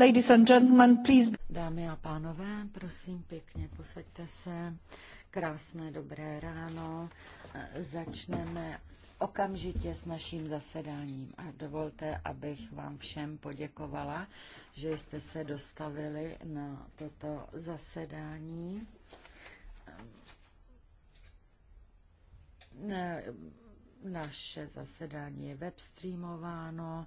Ladies and gentlemen, please. Dámy a pánové, prosím pěkně, posaďte se. Krásné dobré ráno. Začneme okamžitě s naším zasedáním a dovolte, abych vám všem poděkovala, že jste se dostavili na toto zasedání. Naše zasedání je webstreamováno.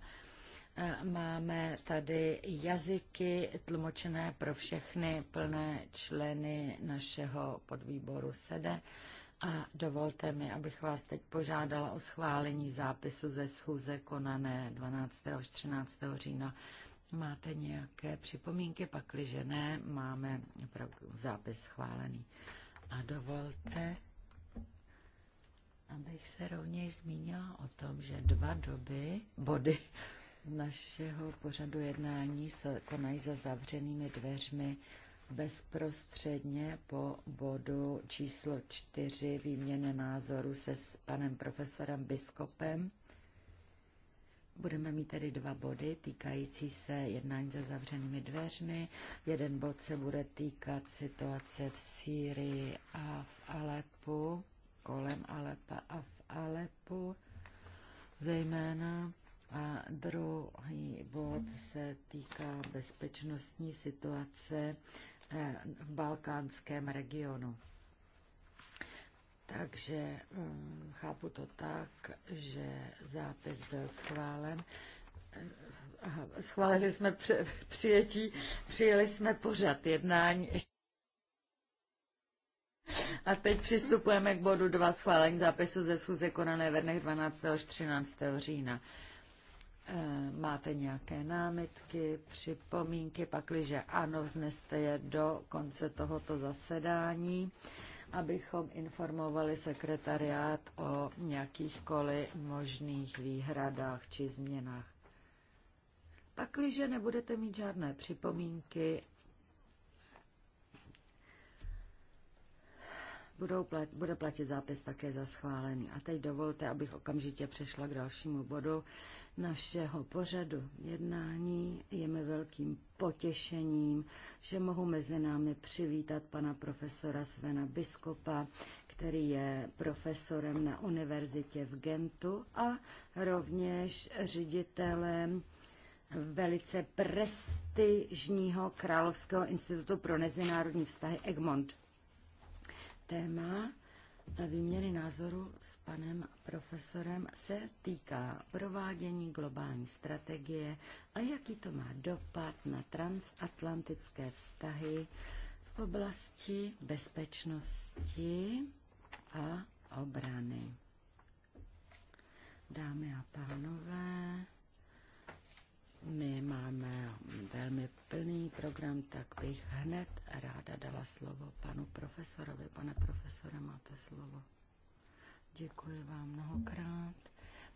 Máme tady jazyky tlumočené pro všechny plné členy našeho podvýboru SEDE. A dovolte mi, abych vás teď požádala o schválení zápisu ze schůze konané 12. až 13. října. Máte nějaké připomínky? Pakliže ne, máme zápis schválený. A dovolte, abych se rovněž zmínila o tom, že dva doby, body našeho pořadu jednání se konají za zavřenými dveřmi bezprostředně po bodu číslo čtyři výměny názoru se s panem profesorem Biskopem. Budeme mít tedy dva body týkající se jednání za zavřenými dveřmi. Jeden bod se bude týkat situace v Sýrii a v Alepu, kolem Alepa a v Alepu, zejména a druhý bod se týká bezpečnostní situace eh, v balkánském regionu. Takže mm, chápu to tak, že zápis byl schválen. Eh, aha, schválili jsme přijetí, přijeli jsme pořad jednání. A teď přistupujeme k bodu 2 schválení zápisu ze schůze konané ve dnech 12. až 13. října. Eh, máte nějaké námitky, připomínky, pakliže ano, vzneste je do konce tohoto zasedání, abychom informovali sekretariát o koli možných výhradách či změnách. Pakliže nebudete mít žádné připomínky, budou plat, bude platit zápis také za schválený. A teď dovolte, abych okamžitě přešla k dalšímu bodu, našeho pořadu jednání. Je mi velkým potěšením, že mohu mezi námi přivítat pana profesora Svena Biskopa, který je profesorem na univerzitě v Gentu a rovněž ředitelem velice prestižního Královského institutu pro mezinárodní vztahy Egmont. Téma výměny názoru s panem profesorem se týká provádění globální strategie a jaký to má dopad na transatlantické vztahy v oblasti bezpečnosti a obrany. Dámy a pánové, my máme velmi plný program, tak bych hned ráda dala slovo panu profesorovi. Pane profesore, máte slovo. Děkuji vám mnohokrát.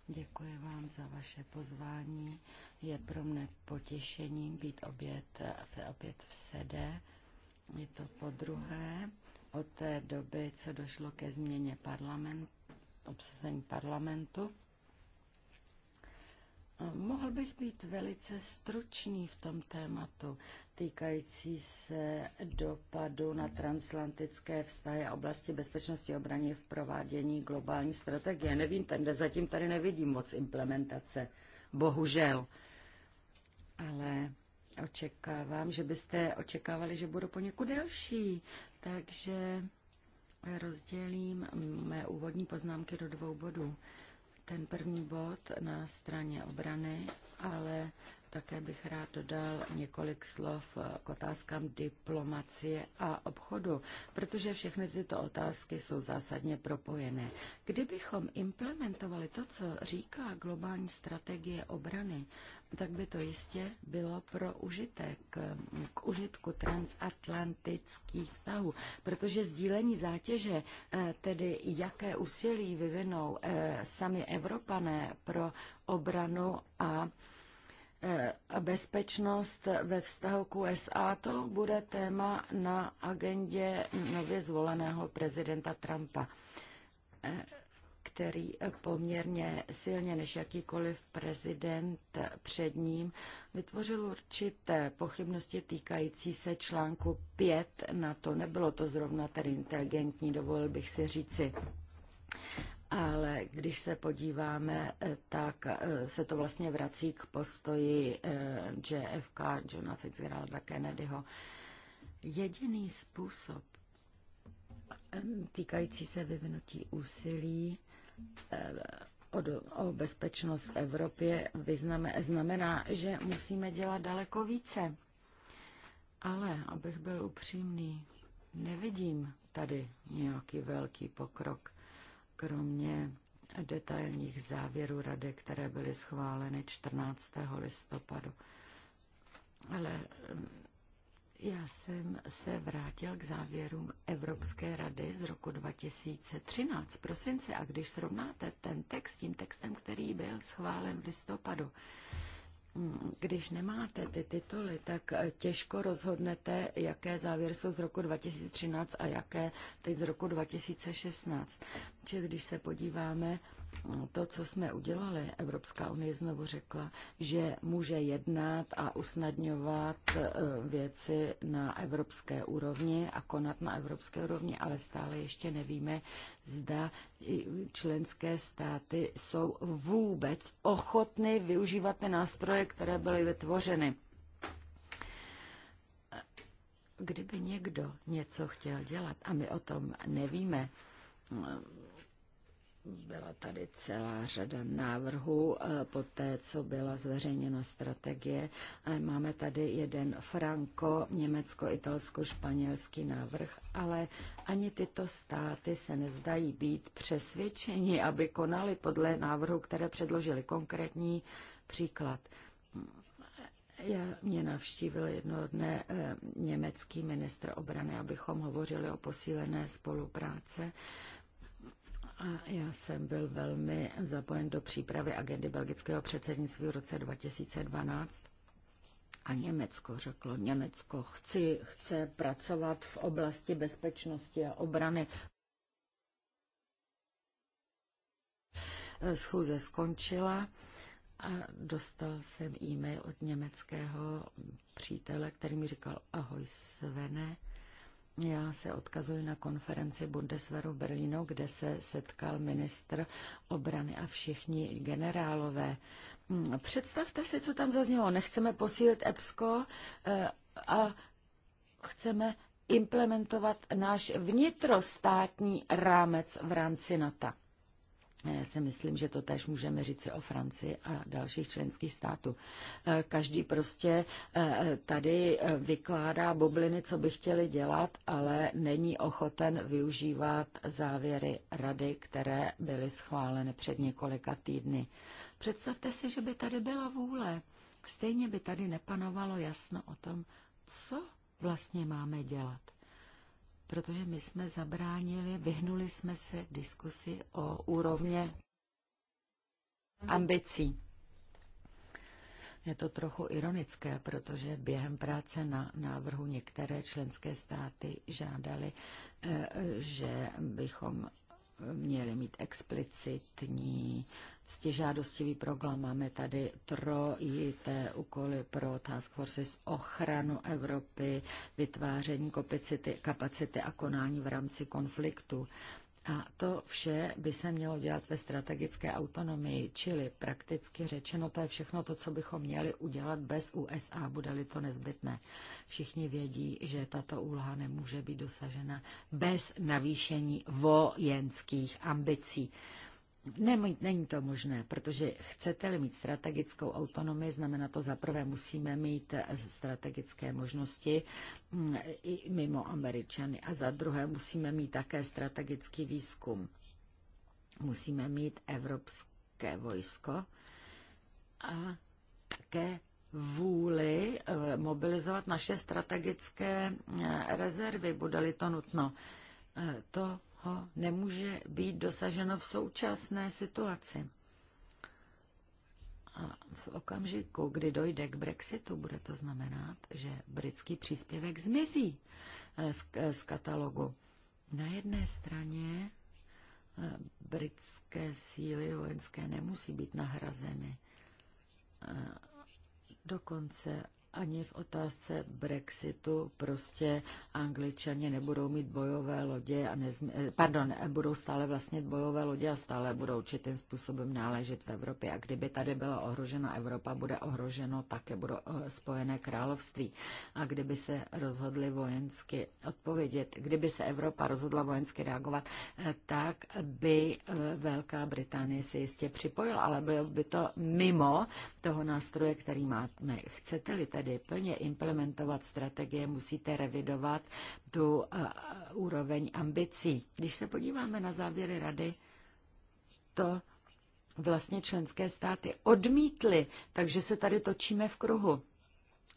Děkuji vám za vaše pozvání. Je pro mne potěšením být obět, opět v sede. Je to po druhé od té doby, co došlo ke změně parlamentu, obsazení parlamentu. Mohl bych být velice stručný v tom tématu týkající se dopadu na transatlantické vztahy a oblasti bezpečnosti obraně v provádění globální strategie. Nevím, ten, zatím tady nevidím moc implementace, bohužel. Ale očekávám, že byste očekávali, že budu poněkud delší, takže rozdělím mé úvodní poznámky do dvou bodů ten první bod na straně obrany, ale také bych rád dodal několik slov eh, k otázkám diplomacie a obchodu, protože všechny tyto otázky jsou zásadně propojené. Kdybychom implementovali to, co říká globální strategie obrany, tak by to jistě bylo pro užitek, eh, k užitku transatlantických vztahů, protože sdílení zátěže, eh, tedy jaké úsilí vyvinou sami Evropané pro obranu a Eh, a bezpečnost ve vztahu k USA, to bude téma na agendě nově zvoleného prezidenta Trumpa, eh, který poměrně silně než jakýkoliv prezident před ním vytvořil určité pochybnosti týkající se článku 5 na to. Nebylo to zrovna tedy inteligentní, dovolil bych si říci. Ale když se podíváme, eh, tak eh, se to vlastně vrací k postoji eh, JFK, Johna Fitzgeralda Kennedyho. Jediný způsob týkající se vyvinutí úsilí o, o bezpečnost v Evropě vyzname, znamená, že musíme dělat daleko více. Ale, abych byl upřímný, nevidím tady nějaký velký pokrok kromě detailních závěrů rady, které byly schváleny 14. listopadu. Ale mm, já jsem se vrátil k závěrům Evropské rady z roku 2013 prosince a když srovnáte ten text s tím textem, který byl schválen v listopadu, když nemáte ty tituly, tak eh, těžko rozhodnete, jaké závěry jsou z roku 2013 a jaké teď z roku 2016. Čili když se podíváme to, co jsme udělali, Evropská unie znovu řekla, že může jednat a usnadňovat e, věci na evropské úrovni a konat na evropské úrovni, ale stále ještě nevíme, zda členské státy jsou vůbec ochotny využívat ty nástroje, které byly vytvořeny. Kdyby někdo něco chtěl dělat a my o tom nevíme, byla tady celá řada návrhů eh, po té, co byla zveřejněna strategie. máme tady jeden franko, německo, italsko, španělský návrh, ale ani tyto státy se nezdají být přesvědčeni, aby konali podle návrhu, které předložili konkrétní příklad. Já mě navštívil jedno dne eh, německý ministr obrany, abychom hovořili o posílené spolupráce a já jsem byl velmi zapojen do přípravy agendy belgického předsednictví v roce 2012. A Německo řeklo, Německo chci, chce pracovat v oblasti bezpečnosti a obrany. Schůze skončila a dostal jsem e-mail od německého přítele, který mi říkal, ahoj Svene, já se odkazuji na konferenci Bundeswehru v Berlínu, kde se setkal ministr obrany a všichni generálové. Představte si, co tam zaznělo. Nechceme posílit EPSCO eh, a chceme implementovat náš vnitrostátní rámec v rámci NATO já si myslím, že to tež můžeme říci o Francii a dalších členských států. Eh, každý prostě eh, tady eh, vykládá bubliny, co by chtěli dělat, ale není ochoten využívat závěry rady, které byly schváleny před několika týdny. Představte si, že by tady byla vůle. Stejně by tady nepanovalo jasno o tom, co vlastně máme dělat protože my jsme zabránili, vyhnuli jsme se diskusi o úrovně ambicí. Je to trochu ironické, protože během práce na návrhu některé členské státy žádali, eh, že bychom měli mít explicitní stěžádostivý program. Máme tady trojité úkoly pro Task Forces, ochranu Evropy, vytváření kapacity, kapacity a konání v rámci konfliktu. A to vše by se mělo dělat ve strategické autonomii, čili prakticky řečeno, to je všechno to, co bychom měli udělat bez USA, bude-li to nezbytné. Všichni vědí, že tato úloha nemůže být dosažena bez navýšení vojenských ambicí. Ne, není to možné, protože chcete-li mít strategickou autonomii, znamená to zaprvé musíme mít eh, strategické možnosti mm, i mimo Američany a za druhé musíme mít také strategický výzkum. Musíme mít evropské vojsko a také vůli eh, mobilizovat naše strategické eh, rezervy, bude-li to nutno. To ho nemůže být dosaženo v současné situaci. A v okamžiku, kdy dojde k Brexitu, bude to znamenat, že britský příspěvek zmizí eh, z, eh, z katalogu. Na jedné straně eh, britské síly vojenské nemusí být nahrazeny. Dokonce ani v otázce Brexitu prostě angličani nebudou mít bojové lodě a nezmi, eh, pardon, budou stále vlastně bojové lodě a stále budou určitým způsobem náležet v Evropě. A kdyby tady byla ohrožena Evropa, bude ohroženo také budou eh, spojené království. A kdyby se rozhodli vojensky odpovědět, kdyby se Evropa rozhodla vojensky reagovat, eh, tak by Velká Británie se jistě připojila, ale bylo by to mimo toho nástroje, který máme. Chcete-li tedy tedy plně implementovat strategie, musíte revidovat tu eh, úroveň ambicí. Když se podíváme na závěry rady, to vlastně členské státy odmítly, takže se tady točíme v kruhu.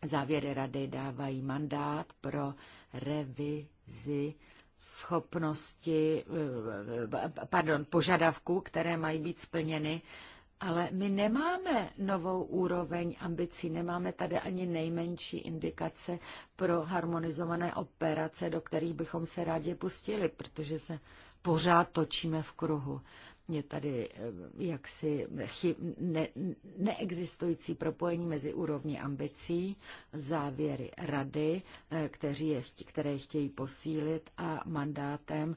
Závěry rady dávají mandát pro revizi schopnosti, eh, eh, pardon, požadavků, které mají být splněny ale my nemáme novou úroveň ambicí, nemáme tady ani nejmenší indikace pro harmonizované operace, do kterých bychom se rádi pustili, protože se pořád točíme v kruhu. Je tady eh, jaksi chyb, ne, neexistující propojení mezi úrovní ambicí, závěry rady, eh, kteří je, které chtějí posílit a mandátem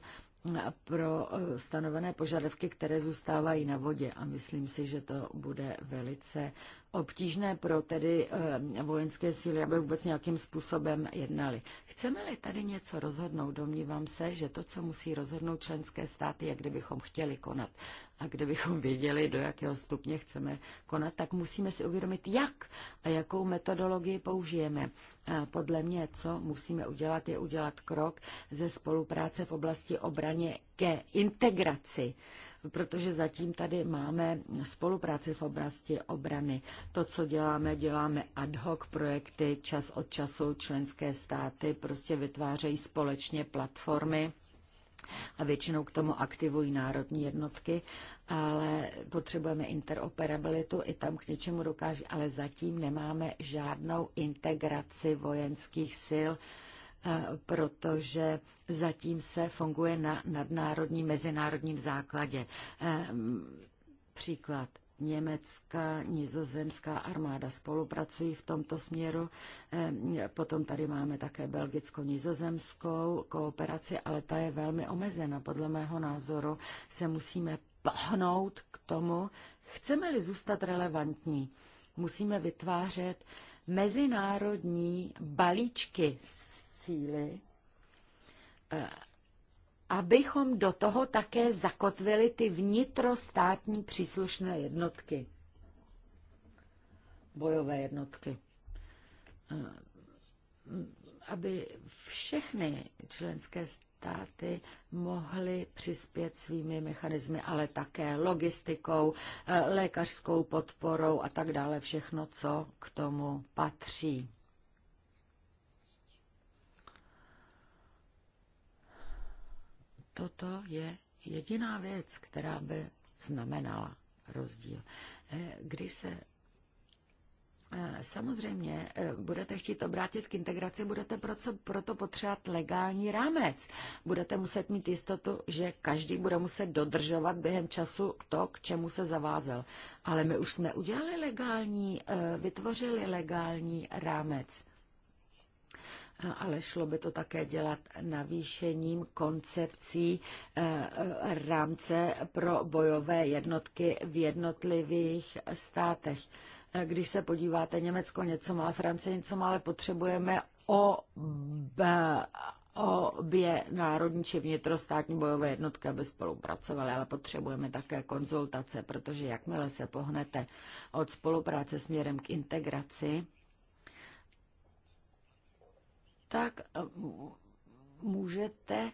pro eh, stanovené požadavky, které zůstávají na vodě. A myslím si, že to bude velice obtížné pro tedy eh, vojenské síly, aby vůbec nějakým způsobem jednali. Chceme-li tady něco rozhodnout, domnívám se, že to, co musí rozhodnout členské státy, jak kdybychom chtěli konat a kdybychom věděli, do jakého stupně chceme konat, tak musíme si uvědomit, jak a jakou metodologii použijeme. Podle mě, co musíme udělat, je udělat krok ze spolupráce v oblasti obraně ke integraci protože zatím tady máme spolupráci v oblasti obrany. To, co děláme, děláme ad hoc projekty, čas od času členské státy prostě vytvářejí společně platformy a většinou k tomu aktivují národní jednotky, ale potřebujeme interoperabilitu i tam k něčemu dokáže, ale zatím nemáme žádnou integraci vojenských sil protože zatím se funguje na nadnárodním mezinárodním základě. Příklad. Německá, nizozemská armáda spolupracují v tomto směru. Potom tady máme také belgicko-nizozemskou kooperaci, ale ta je velmi omezena. Podle mého názoru se musíme pohnout k tomu, chceme-li zůstat relevantní, musíme vytvářet mezinárodní balíčky s cíly, eh, abychom do toho také zakotvili ty vnitrostátní příslušné jednotky, bojové jednotky, eh, aby všechny členské státy mohly přispět svými mechanismy, ale také logistikou, eh, lékařskou podporou a tak dále, všechno, co k tomu patří. toto je jediná věc, která by znamenala rozdíl. Eh, když se eh, Samozřejmě, eh, budete chtít obrátit k integraci, budete proto potřebovat legální rámec. Budete muset mít jistotu, že každý bude muset dodržovat během času to, k čemu se zavázel. Ale my už jsme udělali legální, vytvořili legální rámec ale šlo by to také dělat navýšením koncepcí eh, rámce pro bojové jednotky v jednotlivých státech. Eh, když se podíváte, Německo něco má, Francie něco má, ale potřebujeme o obě národní či vnitrostátní bojové jednotky, aby spolupracovaly, ale potřebujeme také konzultace, protože jakmile se pohnete od spolupráce směrem k integraci, tak eh, můžete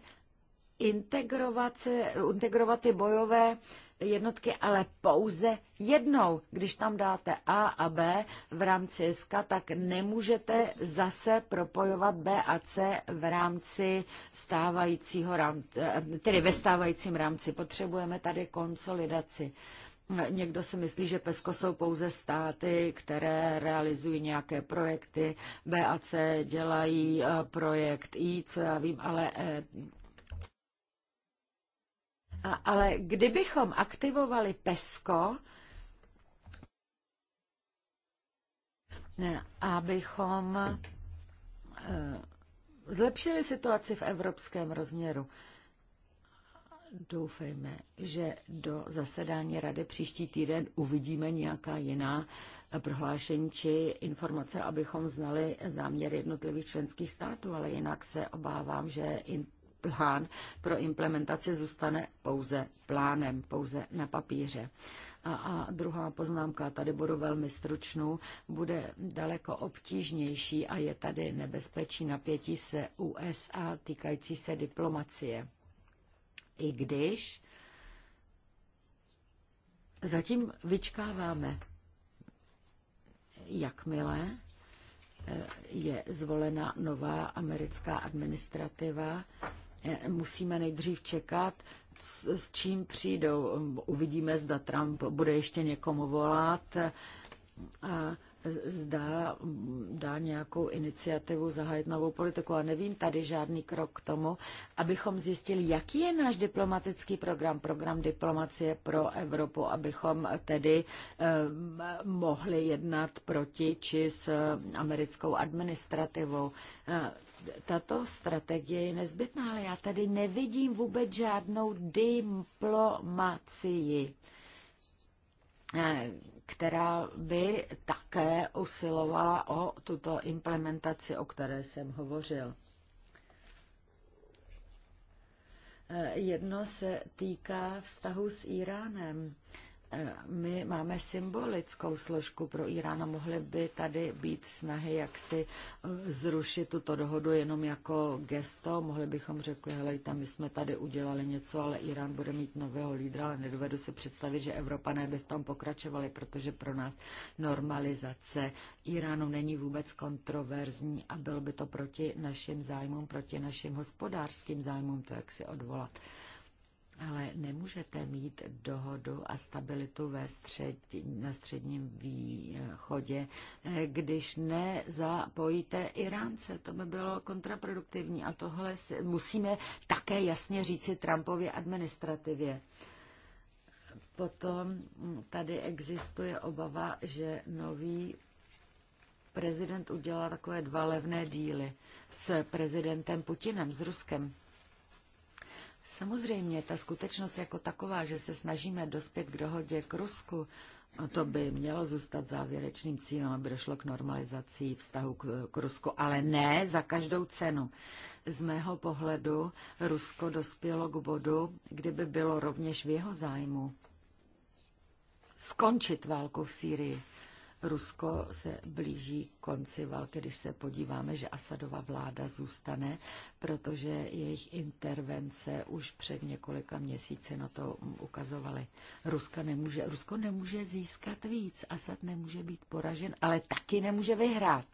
integrovat, se, integrovat ty bojové jednotky, ale pouze jednou. Když tam dáte A a B v rámci SK, tak nemůžete zase propojovat B a C v rámci stávajícího rámce, eh, tedy ve stávajícím rámci. Potřebujeme tady konsolidaci. Někdo si myslí, že PESCO jsou pouze státy, které realizují nějaké projekty. BAC dělají eh, projekt I, co já vím, ale eh, ale kdybychom aktivovali PESCO, abychom eh, zlepšili situaci v evropském rozměru. Doufejme, že do zasedání rady příští týden uvidíme nějaká jiná prohlášení či informace, abychom znali záměr jednotlivých členských států, ale jinak se obávám, že plán pro implementaci zůstane pouze plánem, pouze na papíře. A, a druhá poznámka, tady budu velmi stručnou, bude daleko obtížnější a je tady nebezpečí napětí se USA týkající se diplomacie i když zatím vyčkáváme, jakmile eh, je zvolena nová americká administrativa, eh, musíme nejdřív čekat, s čím přijdou. Uvidíme, zda Trump bude ještě někomu volat. A zdá dá nějakou iniciativu zahájit novou politiku. A nevím tady žádný krok k tomu, abychom zjistili, jaký je náš diplomatický program, program diplomacie pro Evropu, abychom tedy eh, mohli jednat proti či s americkou administrativou. Eh, tato strategie je nezbytná, ale já tady nevidím vůbec žádnou diplomacii eh, která by také usilovala o tuto implementaci, o které jsem hovořil. Eh, jedno se týká vztahu s Iránem my máme symbolickou složku pro Irán a mohly by tady být snahy, jak si eh, zrušit tuto dohodu jenom jako gesto. Mohli bychom řekli, hele, tam my jsme tady udělali něco, ale Irán bude mít nového lídra, ale nedovedu si představit, že Evropané by v tom pokračovali, protože pro nás normalizace Iránu není vůbec kontroverzní a bylo by to proti našim zájmům, proti našim hospodářským zájmům, to jak si odvolat ale nemůžete mít dohodu a stabilitu ve střed, na středním východě, eh, když nezapojíte Iránce. To by bylo kontraproduktivní a tohle si, musíme také jasně říci Trumpově administrativě. Potom tady existuje obava, že nový prezident udělá takové dva levné díly s prezidentem Putinem, s Ruskem Samozřejmě ta skutečnost jako taková, že se snažíme dospět k dohodě k Rusku, a to by mělo zůstat závěrečným cílem, aby došlo k normalizaci vztahu k, k Rusku, ale ne za každou cenu. Z mého pohledu Rusko dospělo k bodu, kdyby bylo rovněž v jeho zájmu skončit válku v Sýrii Rusko se blíží konci války, když se podíváme, že Asadova vláda zůstane, protože jejich intervence už před několika měsíci na to ukazovaly. Ruska nemůže, Rusko nemůže získat víc, Asad nemůže být poražen, ale taky nemůže vyhrát.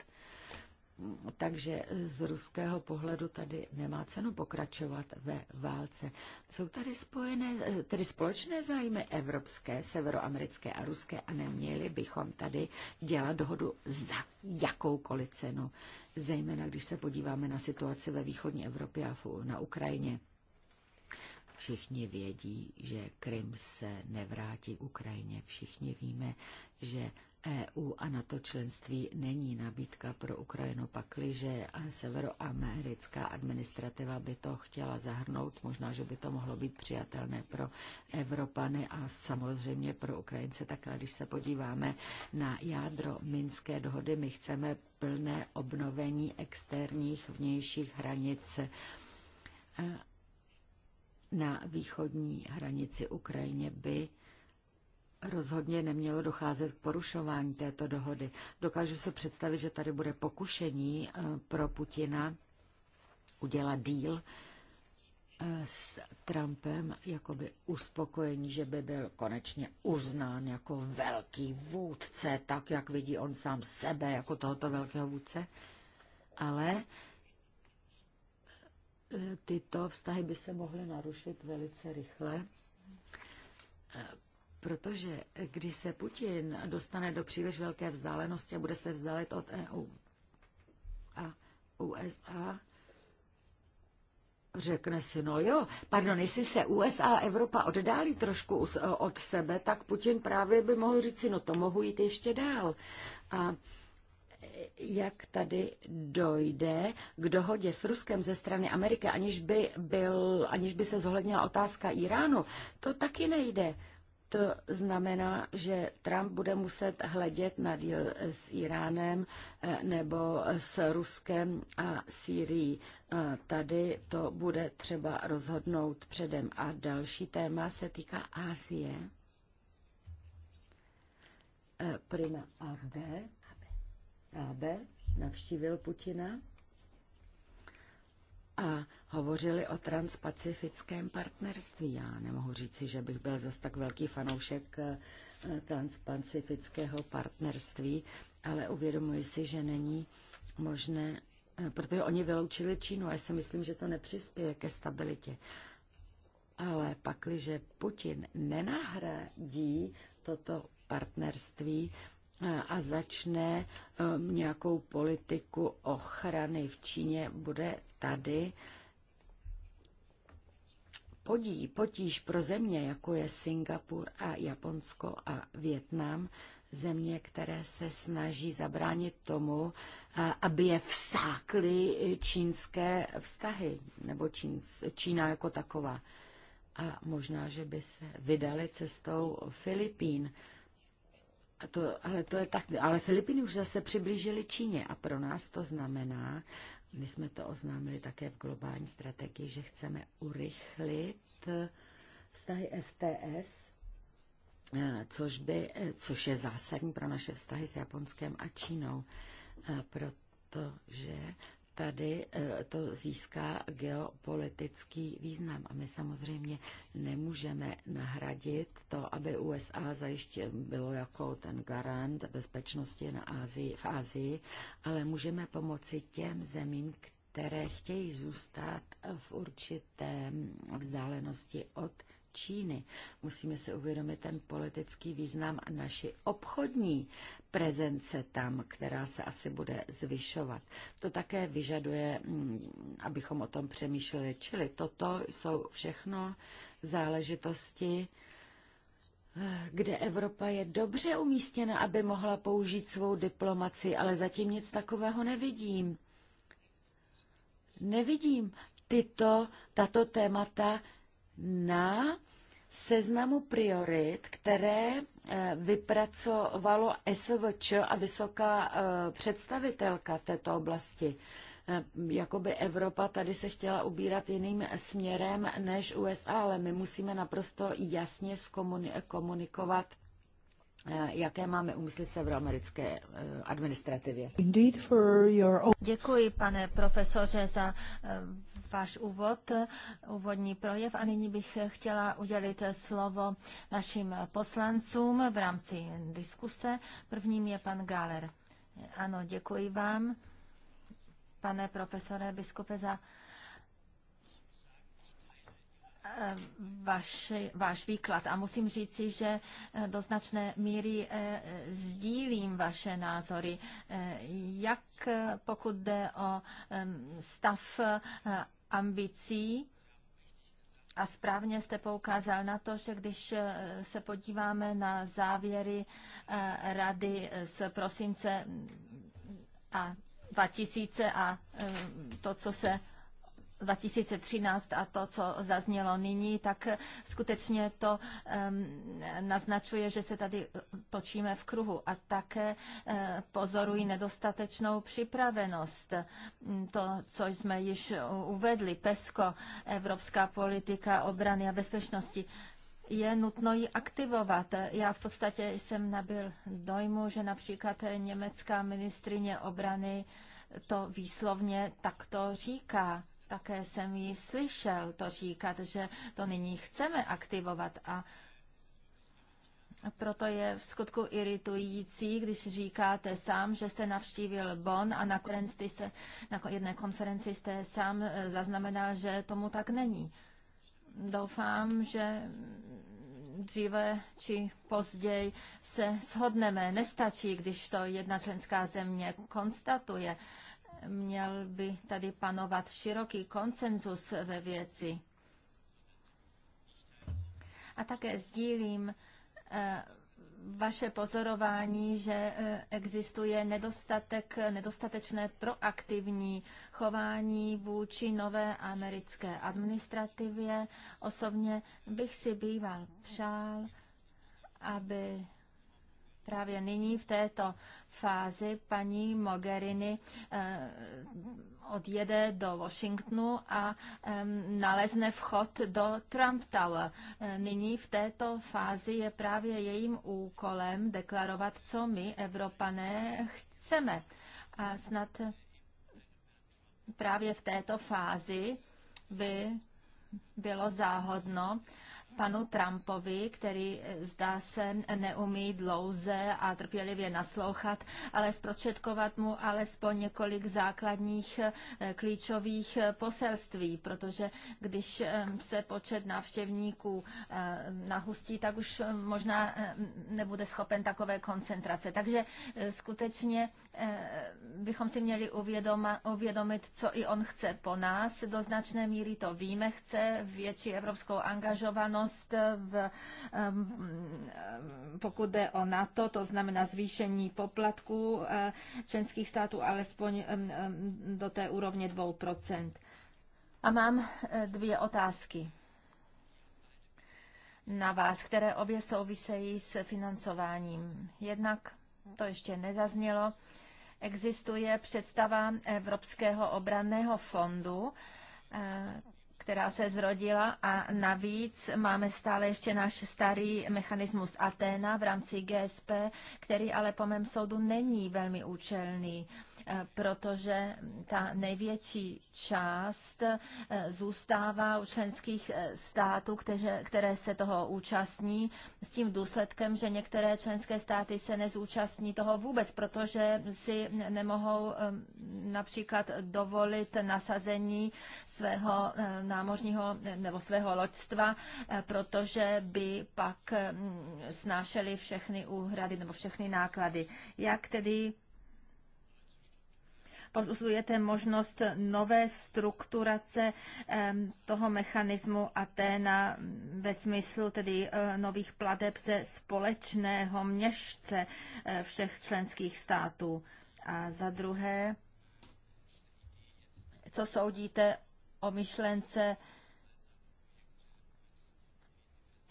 Takže z ruského pohledu tady nemá cenu pokračovat ve válce. Jsou tady spojené, tedy společné zájmy evropské, severoamerické a ruské a neměli bychom tady dělat dohodu za jakoukoliv cenu. Zejména, když se podíváme na situaci ve východní Evropě a na Ukrajině. Všichni vědí, že Krym se nevrátí Ukrajině. Všichni víme, že EU a na to členství není nabídka pro Ukrajinu, pakliže severoamerická administrativa by to chtěla zahrnout, možná, že by to mohlo být přijatelné pro Evropany a samozřejmě pro Ukrajince, tak když se podíváme na jádro Minské dohody, my chceme plné obnovení externích vnějších hranic e, na východní hranici Ukrajině by Rozhodně nemělo docházet k porušování této dohody. Dokážu se představit, že tady bude pokušení eh, pro Putina udělat díl eh, s Trumpem, jakoby uspokojení, že by byl konečně uznán jako velký vůdce, tak jak vidí on sám sebe jako tohoto velkého vůdce. Ale eh, tyto vztahy by se mohly narušit velice rychle Protože když se Putin dostane do příliš velké vzdálenosti a bude se vzdálit od EU a USA, řekne si, no jo, pardon, jestli se USA a Evropa oddálí trošku od sebe, tak Putin právě by mohl říct si, no to mohu jít ještě dál. A jak tady dojde k dohodě s Ruskem ze strany Ameriky, aniž by, byl, aniž by se zohlednila otázka Iránu, to taky nejde to znamená, že Trump bude muset hledět na díl s Iránem eh, nebo s Ruskem a Sýrií. Tady to bude třeba rozhodnout předem. A další téma se týká Asie. Eh, Prima AB, AB navštívil Putina a hovořili o transpacifickém partnerství. Já nemohu říci, že bych byl zase tak velký fanoušek eh, transpacifického partnerství, ale uvědomuji si, že není možné, eh, protože oni vyloučili Čínu a já si myslím, že to nepřispěje ke stabilitě. Ale pakliže Putin nenahradí toto partnerství, eh, a začne nějakou politiku ochrany v Číně, bude tady podí, potíž pro země, jako je Singapur a Japonsko a Větnam, země, které se snaží zabránit tomu, aby je vsákly čínské vztahy, nebo Čín, Čína jako taková. A možná, že by se vydali cestou Filipín. A to, ale to je tak, ale Filipíny už zase přiblížili Číně a pro nás to znamená, my jsme to oznámili také v globální strategii, že chceme urychlit vztahy FTS, eh, což, by, eh, což je zásadní pro naše vztahy s Japonskem a Čínou, eh, protože tady eh, to získá geopolitický význam. A my samozřejmě nemůžeme nahradit to, aby USA zajiště bylo jako ten garant bezpečnosti na Ázii, v Ázii, ale můžeme pomoci těm zemím, které chtějí zůstat v určité vzdálenosti od Číny. Musíme se uvědomit ten politický význam a naši obchodní prezence tam, která se asi bude zvyšovat. To také vyžaduje, mm, abychom o tom přemýšleli. Čili toto jsou všechno záležitosti, kde Evropa je dobře umístěna, aby mohla použít svou diplomaci, ale zatím nic takového nevidím. Nevidím tyto, tato témata na seznamu priorit, které eh, vypracovalo SVČ a vysoká eh, představitelka této oblasti. Eh, jakoby Evropa tady se chtěla ubírat jiným směrem než USA, ale my musíme naprosto jasně komunikovat Eh, jaké máme úmysly severoamerické eh, administrativě. Děkuji, pane profesoře, za eh, váš úvod, úvodní projev a nyní bych chtěla udělit slovo našim poslancům v rámci diskuse. Prvním je pan Galer. Ano, děkuji vám, pane profesore biskupe, za vaš, váš výklad a musím říci, že eh, do značné míry eh, sdílím vaše názory. Eh, jak pokud jde o stav ambicí, a správně jste poukázal na to, že když se podíváme na závěry rady z prosince mm, a 2000 a to, co se 2013 a to, co zaznělo nyní, tak skutečně to um, naznačuje, že se tady točíme v kruhu a také uh, pozorují nedostatečnou připravenost. Mm, to, co jsme již uvedli, PESCO, Evropská politika obrany a bezpečnosti, je nutno ji aktivovat. Já v podstatě jsem nabil dojmu, že například německá ministrině obrany to výslovně takto říká. Také jsem ji slyšel to říkat, že to nyní chceme aktivovat a proto je v skutku iritující, když říkáte sám, že jste navštívil Bon a na, se, na jedné konferenci jste sám eh, zaznamenal, že tomu tak není. Doufám, že dříve či později se shodneme. Nestačí, když to jedna členská země konstatuje. Měl by tady panovat široký konsenzus ve věci. A také sdílím eh, vaše pozorování, že eh, existuje nedostatek, nedostatečné proaktivní chování vůči nové americké administrativě. Osobně bych si býval přál, aby Právě nyní v této fázi paní Mogherini eh, odjede do Washingtonu a nalezne vchod do Trump Tower. Eh, nyní v této fázi je právě jejím úkolem deklarovat, co my, Evropané, chceme. A snad eh, právě v této fázi by bylo záhodno, panu Trumpovi, který eh, zdá se neumí dlouze a trpělivě naslouchat, ale zprostředkovat mu alespoň několik základních eh, klíčových eh, poselství, protože když se počet návštěvníků nahustí, tak už možná nebude schopen takové koncentrace. Takže skutečně bychom si měli uvědoma, uvědomit, co i on chce po nás. Do značné míry to víme, chce větší evropskou angažovanost, činnost, v, pokud jde o NATO, to znamená zvýšení poplatků eh, členských států alespoň do té úrovně 2%. A mám eh, dvě otázky na vás, které obě souvisejí s financováním. Jednak to ještě nezaznělo, existuje představa Evropského obranného fondu, eh, která se zrodila a navíc máme stále ještě náš starý mechanismus Atena v rámci GSP, který ale po mém soudu není velmi účelný protože ta největší část eh, zůstává u členských eh, států, které, které se toho účastní, s tím důsledkem, že některé členské státy se nezúčastní toho vůbec, protože si nemohou eh, například dovolit nasazení svého námořního nebo svého loďstva, protože by pak mm, snášeli všechny úhrady nebo všechny náklady. Jak tedy posuzujete možnost nové strukturace toho mechanismu Atena ve smyslu tedy eh, nových plateb ze společného měšce eh, všech členských států? A za druhé, co soudíte o myšlence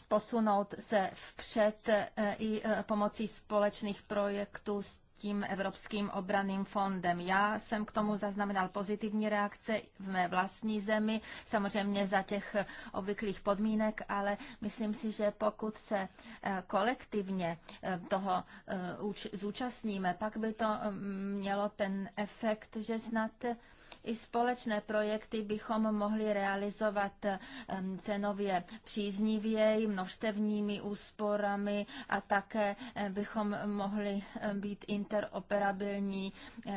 posunout se vpřed eh, i pomocí společných projektů s tím Evropským obraným fondem. Já jsem k tomu zaznamenal pozitivní reakce v mé vlastní zemi, samozřejmě za těch obvyklých podmínek, ale myslím si, že pokud se eh, kolektivně eh, toho eh, zúčastníme, pak by to mm, mělo ten efekt, že snad i společné projekty bychom mohli realizovat eh, cenově příznivěji, množstevními úsporami a také eh, bychom mohli eh, být interoperabilní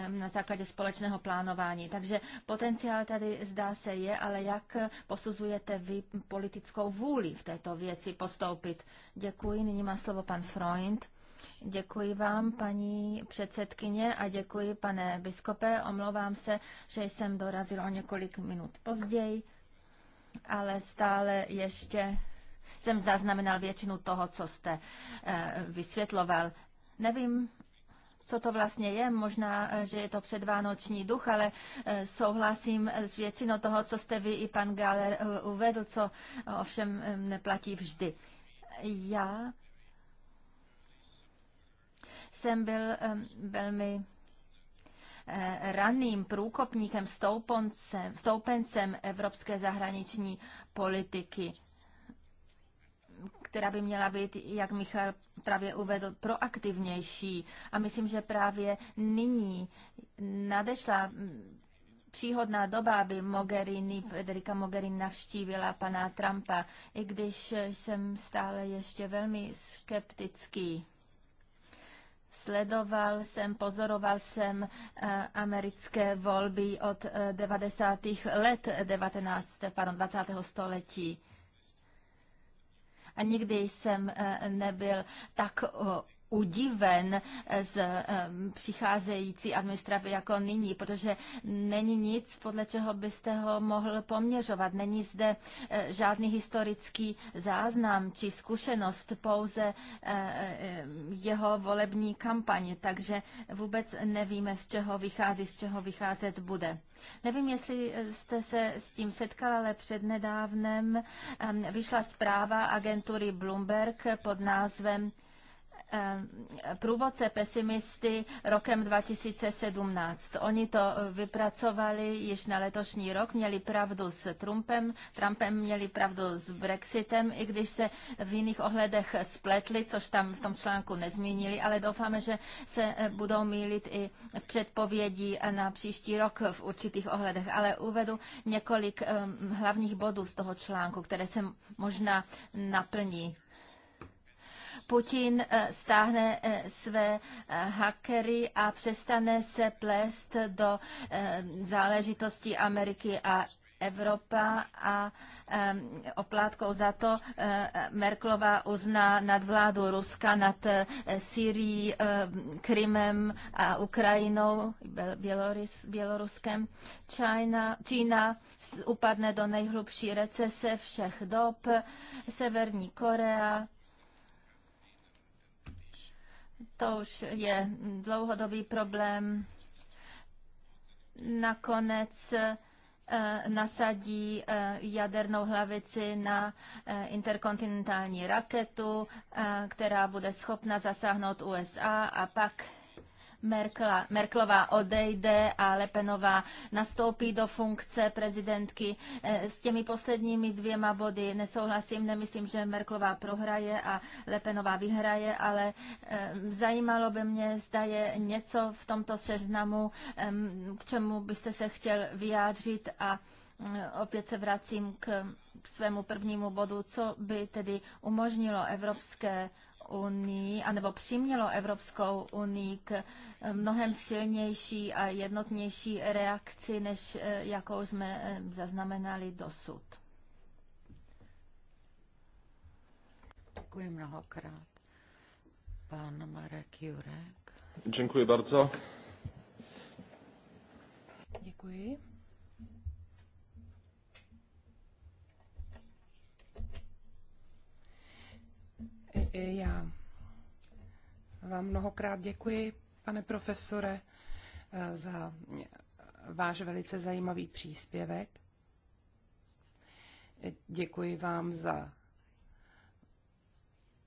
na základě společného plánování. Takže potenciál tady zdá se je, ale jak posuzujete vy politickou vůli v této věci postoupit? Děkuji. Nyní má slovo pan Freund. Děkuji vám, paní předsedkyně, a děkuji, pane biskope. Omlouvám se, že jsem dorazil o několik minut později, ale stále ještě jsem zaznamenal většinu toho, co jste eh, vysvětloval. Nevím, co to vlastně je. Možná, eh, že je to předvánoční duch, ale eh, souhlasím s většinou toho, co jste vy i pan Galer uvedl, co ovšem neplatí vždy. Já jsem byl velmi eh, raným průkopníkem, stoupencem, stoupencem evropské zahraniční politiky, která by měla být, jak Michal právě uvedl, proaktivnější. A myslím, že právě nyní nadešla mm, příhodná doba, aby Mogherini, Federica Mogherini navštívila pana Trumpa, i když jsem stále ještě velmi skeptický Sledoval jsem, pozoroval jsem eh, americké volby od 90. Eh, let 19, pardon, 20. století. A nikdy jsem eh, nebyl tak udiven eh, z eh, přicházející administrativy jako nyní, protože není nic, podle čeho byste ho mohl poměřovat. Není zde eh, žádný historický záznam či zkušenost, pouze jeho volební kampaně, takže vůbec nevíme, z čeho vychází, z čeho vycházet bude. Nevím, jestli jste se s tím setkal, ale přednedávnem ehm, vyšla zpráva agentury Bloomberg pod názvem Eh, průvodce pesimisty rokem 2017. Oni to eh, vypracovali již na letošní rok, měli pravdu s Trumpem, Trumpem měli pravdu s Brexitem, i když se v jiných ohledech spletli, což tam v tom článku nezmínili, ale doufáme, že se eh, budou mílit i v předpovědi na příští rok v určitých ohledech. Ale uvedu několik hlavních bodů z toho článku, které se možná naplní. Putin eh, stáhne eh, své eh, hackery a přestane se plést do záležitostí Ameriky a Evropa a oplátkou za to uh, Merklová uzná nadvládu Ruska nad Syrií, Krymem a Ukrajinou, Bělorus, Běloruskem. Čína, Čína upadne do nejhlubší recese všech dob, Severní Korea to už je dlouhodobý problém. Nakonec eh, nasadí eh, jadernou hlavici na eh, interkontinentální raketu, která bude schopna zasáhnout USA a pak Merkla, Merklová odejde a Lepenová nastoupí do funkce prezidentky. E, s těmi posledními dvěma body nesouhlasím, nemyslím, že Merklová prohraje a Lepenová vyhraje, ale zajímalo by mě, zda je něco v tomto seznamu, k čemu byste se chtěl vyjádřit a opět se vracím k svému prvnímu bodu, co by tedy umožnilo Evropské unii, anebo přimělo Evropskou unii k eh, mnohem silnější a jednotnější reakci, než eh, jakou jsme eh, zaznamenali dosud. Děkuji mnohokrát. Pan Marek Jurek. Dziękuję bardzo. Děkuji. i já. Vám mnohokrát děkuji, pane profesore, eh, za váš velice zajímavý příspěvek. Děkuji vám za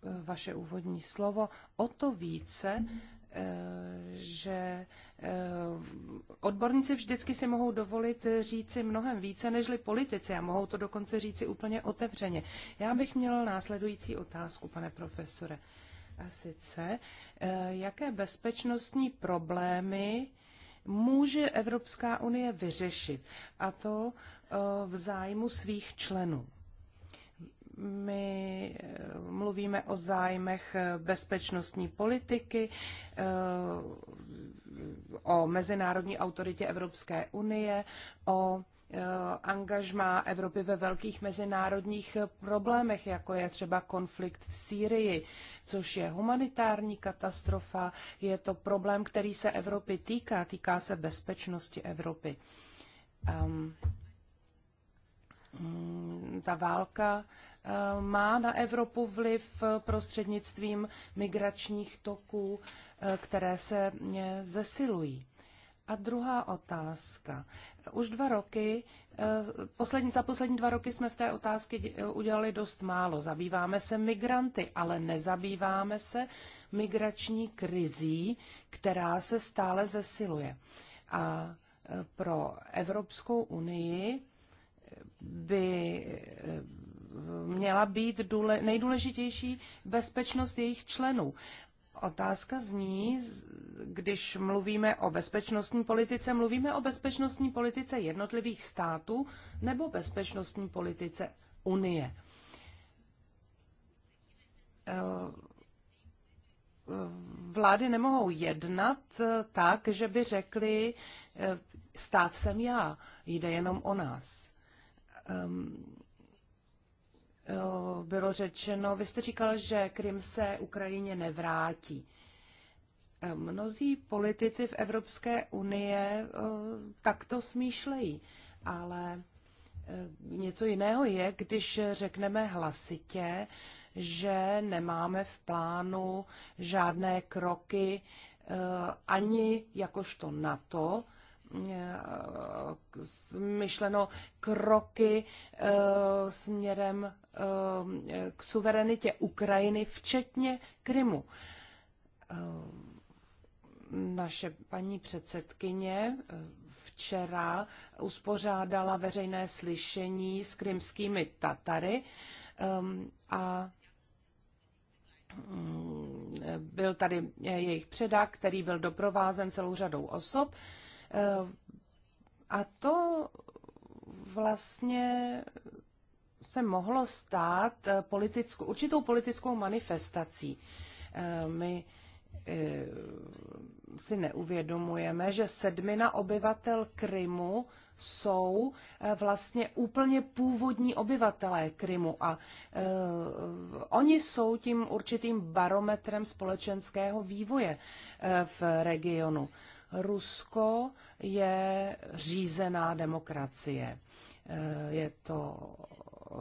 eh, vaše úvodní slovo. O to více Eh, že eh, odborníci vždycky si mohou dovolit říci mnohem více nežli politici a mohou to dokonce říci úplně otevřeně. Já bych měl následující otázku, pane profesore. A sice, eh, jaké bezpečnostní problémy může Evropská unie vyřešit, a to v zájmu svých členů? my eh, mluvíme o zájmech eh, bezpečnostní politiky, eh, o mezinárodní autoritě Evropské unie, o angažmá Evropy ve velkých mezinárodních problémech, jako je třeba konflikt v Sýrii, což je humanitární katastrofa, je to problém, který se Evropy týká, týká se bezpečnosti Evropy. Um, ta válka Eh, má na Evropu vliv eh, prostřednictvím migračních toků, eh, které se zesilují. A druhá otázka. Už dva roky, poslední, za poslední dva roky jsme v té otázky udělali dost málo. Zabýváme se migranty, ale nezabýváme se migrační krizí, která se stále zesiluje. A pro Evropskou unii by měla být důle, nejdůležitější bezpečnost jejich členů. Otázka zní, když mluvíme o bezpečnostní politice, mluvíme o bezpečnostní politice jednotlivých států nebo bezpečnostní politice Unie. Eh, vlády nemohou jednat eh, tak, že by řekli, eh, stát jsem já, jde jenom o nás. Ehm, Eh, bylo řečeno, vy jste říkal, že Krym se Ukrajině nevrátí. Eh, mnozí politici v Evropské unie eh, takto smýšlejí, ale něco jiného je, když řekneme hlasitě, že nemáme v plánu žádné kroky ani jakožto NATO, Eh, myšleno kroky eh, směrem eh, k suverenitě Ukrajiny, včetně Krymu. Naše paní předsedkyně včera uspořádala veřejné slyšení s krymskými Tatary a mm, byl tady jejich předák, který byl doprovázen celou řadou osob. Eh, a to vlastně se mohlo stát eh, politickou, určitou politickou manifestací. Eh, my si neuvědomujeme, že sedmina obyvatel Krymu jsou vlastně úplně původní obyvatelé Krymu a oni jsou tím určitým barometrem společenského vývoje v regionu. Rusko je řízená demokracie. Eh, je to eh,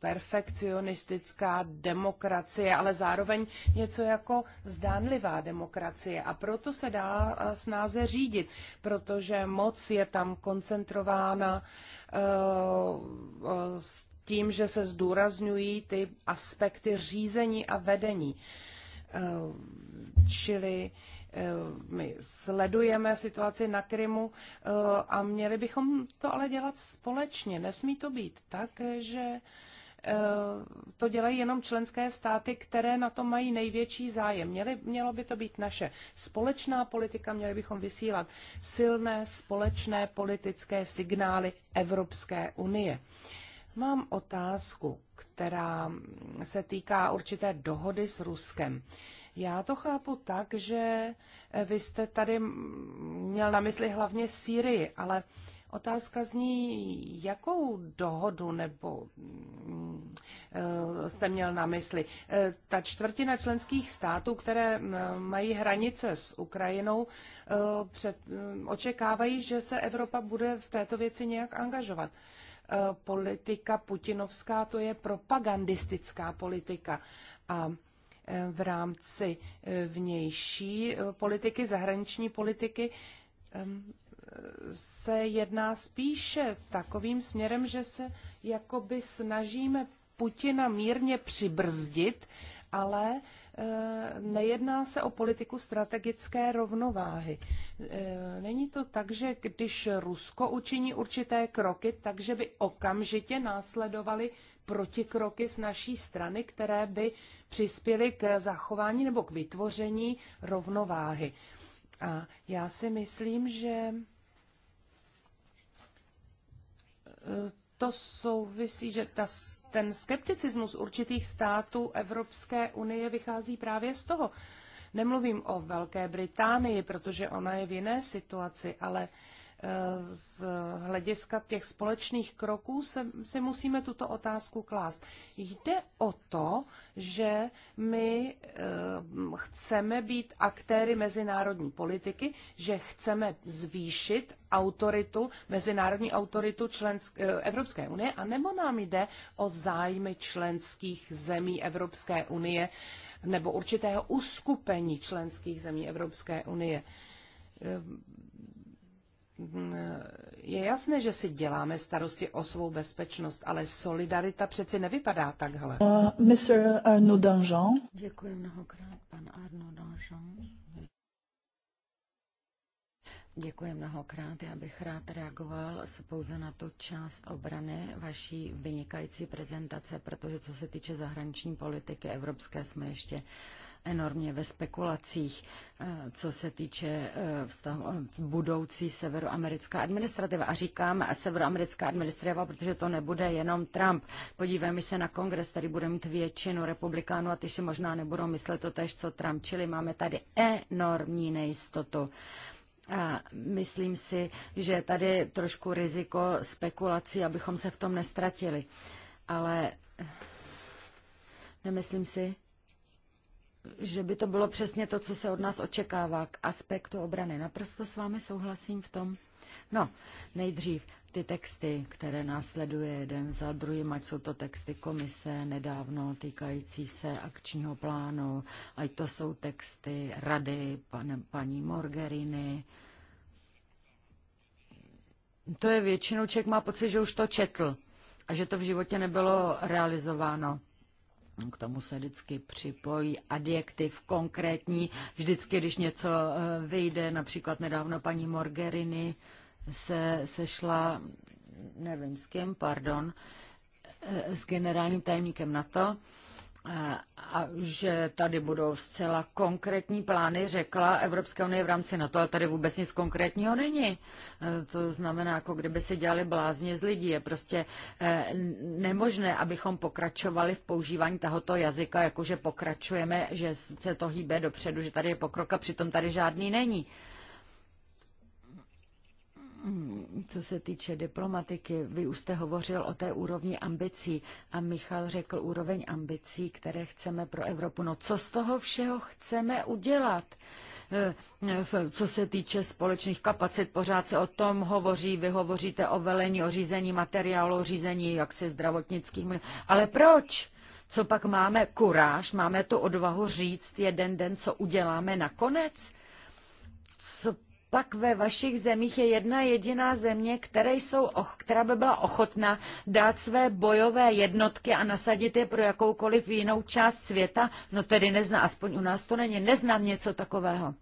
perfekcionistická demokracie, ale zároveň něco jako zdánlivá demokracie. A proto se dá eh, snáze řídit, protože moc je tam koncentrována s tím, že se zdůrazňují ty aspekty řízení a vedení. Čili Eh, my sledujeme situaci na Krymu eh, a měli bychom to ale dělat společně. Nesmí to být tak, že eh, to dělají jenom členské státy, které na to mají největší zájem. Měli, mělo by to být naše společná politika, měli bychom vysílat silné společné politické signály Evropské unie. Mám otázku, která se týká určité dohody s Ruskem. Uh, já to chápu tak, že eh, vy jste tady měl na mysli hlavně Sýrii, ale Otázka zní, jakou dohodu nebo mm, eh, jste měl na mysli. Eh, ta čtvrtina členských států, které mají hranice s Ukrajinou, před, očekávají, že se Evropa bude v této věci nějak angažovat. Politika putinovská to je propagandistická politika. A v rámci eh, vnější eh, politiky, zahraniční politiky, se jedná spíše takovým směrem, že se jakoby snažíme Putina mírně přibrzdit, ale eh, nejedná se o politiku strategické rovnováhy. Není to tak, že když Rusko učiní určité kroky, takže by okamžitě následovaly protikroky z naší strany, které by přispěly k zachování nebo k vytvoření rovnováhy. A já si myslím, že eh, to souvisí, že ta, ten skepticismus určitých států Evropské unie vychází právě z toho. Nemluvím o Velké Británii, protože ona je v jiné situaci, ale uh, z hlediska těch společných kroků se, si musíme tuto otázku klást. Jde o to, že my eh, chceme být aktéry mezinárodní politiky, že chceme zvýšit autoritu, mezinárodní autoritu člensk, eh, Evropské unie, a nebo nám jde o zájmy členských zemí Evropské unie nebo určitého uskupení členských zemí Evropské unie eh, Mm, je jasné, že si děláme starosti o svou bezpečnost, ale solidarita přeci nevypadá takhle. Uh, Mr. Arnaud Děkuji mnohokrát, pan Arnaud Danjean. Děkuji mnohokrát. Já bych rád reagoval pouze na tu část obrany vaší vynikající prezentace, protože co se týče zahraniční politiky evropské, jsme ještě uh, enormně ve spekulacích, eh, co se týče eh, vztahu, eh, budoucí severoamerická administrativa. A říkám severoamerická administrativa, protože to nebude jenom Trump. Podívejme se na kongres, tady bude mít většinu republikánů a ty si možná nebudou myslet to tež, co Trump. Čili máme tady enormní nejistotu. A myslím si, že tady je trošku riziko spekulací, abychom se v tom nestratili. Ale nemyslím si, že by to bylo přesně to, co se od nás očekává k aspektu obrany. Naprosto s vámi souhlasím v tom. No, nejdřív ty texty, které následuje jeden za druhým, ať jsou to texty komise nedávno týkající se akčního plánu, ať to jsou texty rady pan, paní Morgeriny. To je většinou, člověk má pocit, že už to četl a že to v životě nebylo realizováno. Mm, k tomu se vždycky připojí adjektiv konkrétní. Vždycky, když něco eh, vyjde, například nedávno paní Morgerini se sešla, nevím s kým, pardon, eh, s generálním tajemníkem NATO a že tady budou zcela konkrétní plány, řekla Evropská unie v rámci NATO, ale tady vůbec nic konkrétního není. E, to znamená, jako kdyby se dělali blázně z lidí. Je prostě e, nemožné, abychom pokračovali v používání tohoto jazyka, jakože pokračujeme, že se to hýbe dopředu, že tady je pokrok a přitom tady žádný není. Mm, co se týče diplomatiky, vy už jste hovořil o té úrovni ambicí a Michal řekl úroveň ambicí, které chceme pro Evropu. No co z toho všeho chceme udělat? Eh, co se týče společných kapacit, pořád se o tom hovoří, vy hovoříte o velení, o řízení materiálu, o řízení jaksi zdravotnických, ale proč? Co pak máme kuráž, máme tu odvahu říct jeden den, co uděláme nakonec? co pak ve vašich zemích je jedna jediná země, které jsou, která by byla ochotna dát své bojové jednotky a nasadit je pro jakoukoliv jinou část světa? No tedy neznám, aspoň u nás to není, neznám něco takového.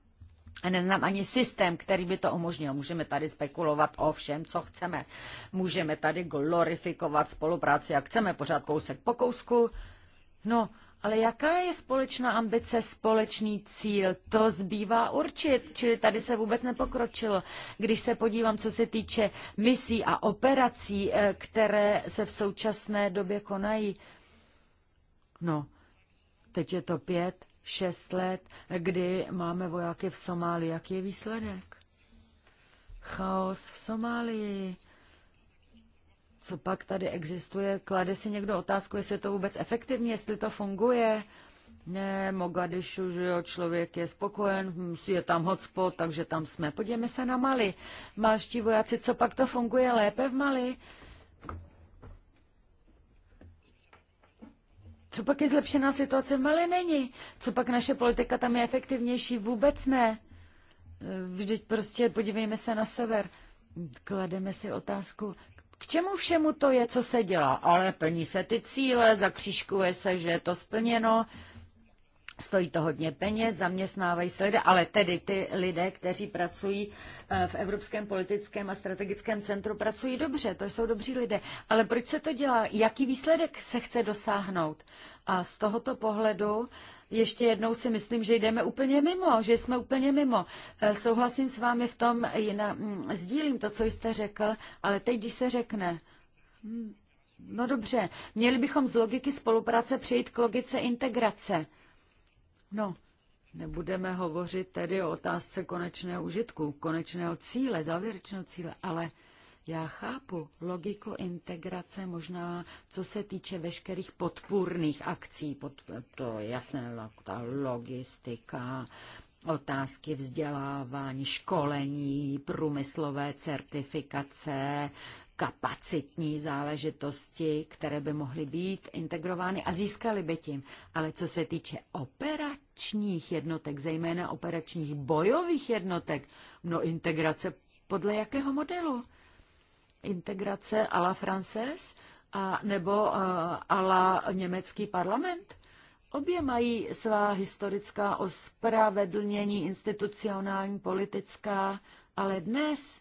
A neznám ani systém, který by to umožnil. Můžeme tady spekulovat o všem, co chceme. Můžeme tady glorifikovat spolupráci, jak chceme, pořád kousek po kousku. No, ale jaká je společná ambice, společný cíl? To zbývá určit, čili tady se vůbec nepokročilo. Když se podívám, co se týče misí a operací, eh, které se v současné době konají, no, teď je to pět, šest let, kdy máme vojáky v Somálii. Jaký je výsledek? Chaos v Somálii co pak tady existuje, klade si někdo otázku, jestli je to vůbec efektivní, jestli to funguje. Ne, Mogadišu, že jo, člověk je spokojen, je tam hotspot, takže tam jsme. Podívejme se na Mali. Máš ti vojáci, co pak to funguje lépe v Mali? Co pak je zlepšená situace v Mali? Není. Co pak naše politika tam je efektivnější? Vůbec ne. Vždyť prostě podívejme se na sever. Klademe si otázku, k čemu všemu to je, co se dělá, ale plní se ty cíle, zakřížkuje se, že je to splněno, Stojí to hodně peněz, zaměstnávají se lidé, ale tedy ty lidé, kteří pracují eh, v Evropském politickém a strategickém centru, pracují dobře, to jsou dobří lidé. Ale proč se to dělá? Jaký výsledek se chce dosáhnout? A z tohoto pohledu ještě jednou si myslím, že jdeme úplně mimo, že jsme úplně mimo. Eh, souhlasím s vámi v tom, jiná, mm, sdílím to, co jste řekl, ale teď, když se řekne, hm, no dobře, měli bychom z logiky spolupráce přejít k logice integrace No, nebudeme hovořit tedy o otázce konečného užitku, konečného cíle, závěrečného cíle, ale já chápu logiku integrace možná, co se týče veškerých podpůrných akcí, pod, to je jasné, no, ta logistika, otázky vzdělávání, školení, průmyslové certifikace, kapacitní záležitosti, které by mohly být integrovány a získali by tím. Ale co se týče operačních jednotek, zejména operačních bojových jednotek, no integrace podle jakého modelu? Integrace a la Frances a nebo eh, a la německý parlament? Obě mají svá historická ospravedlnění, institucionální, politická, ale dnes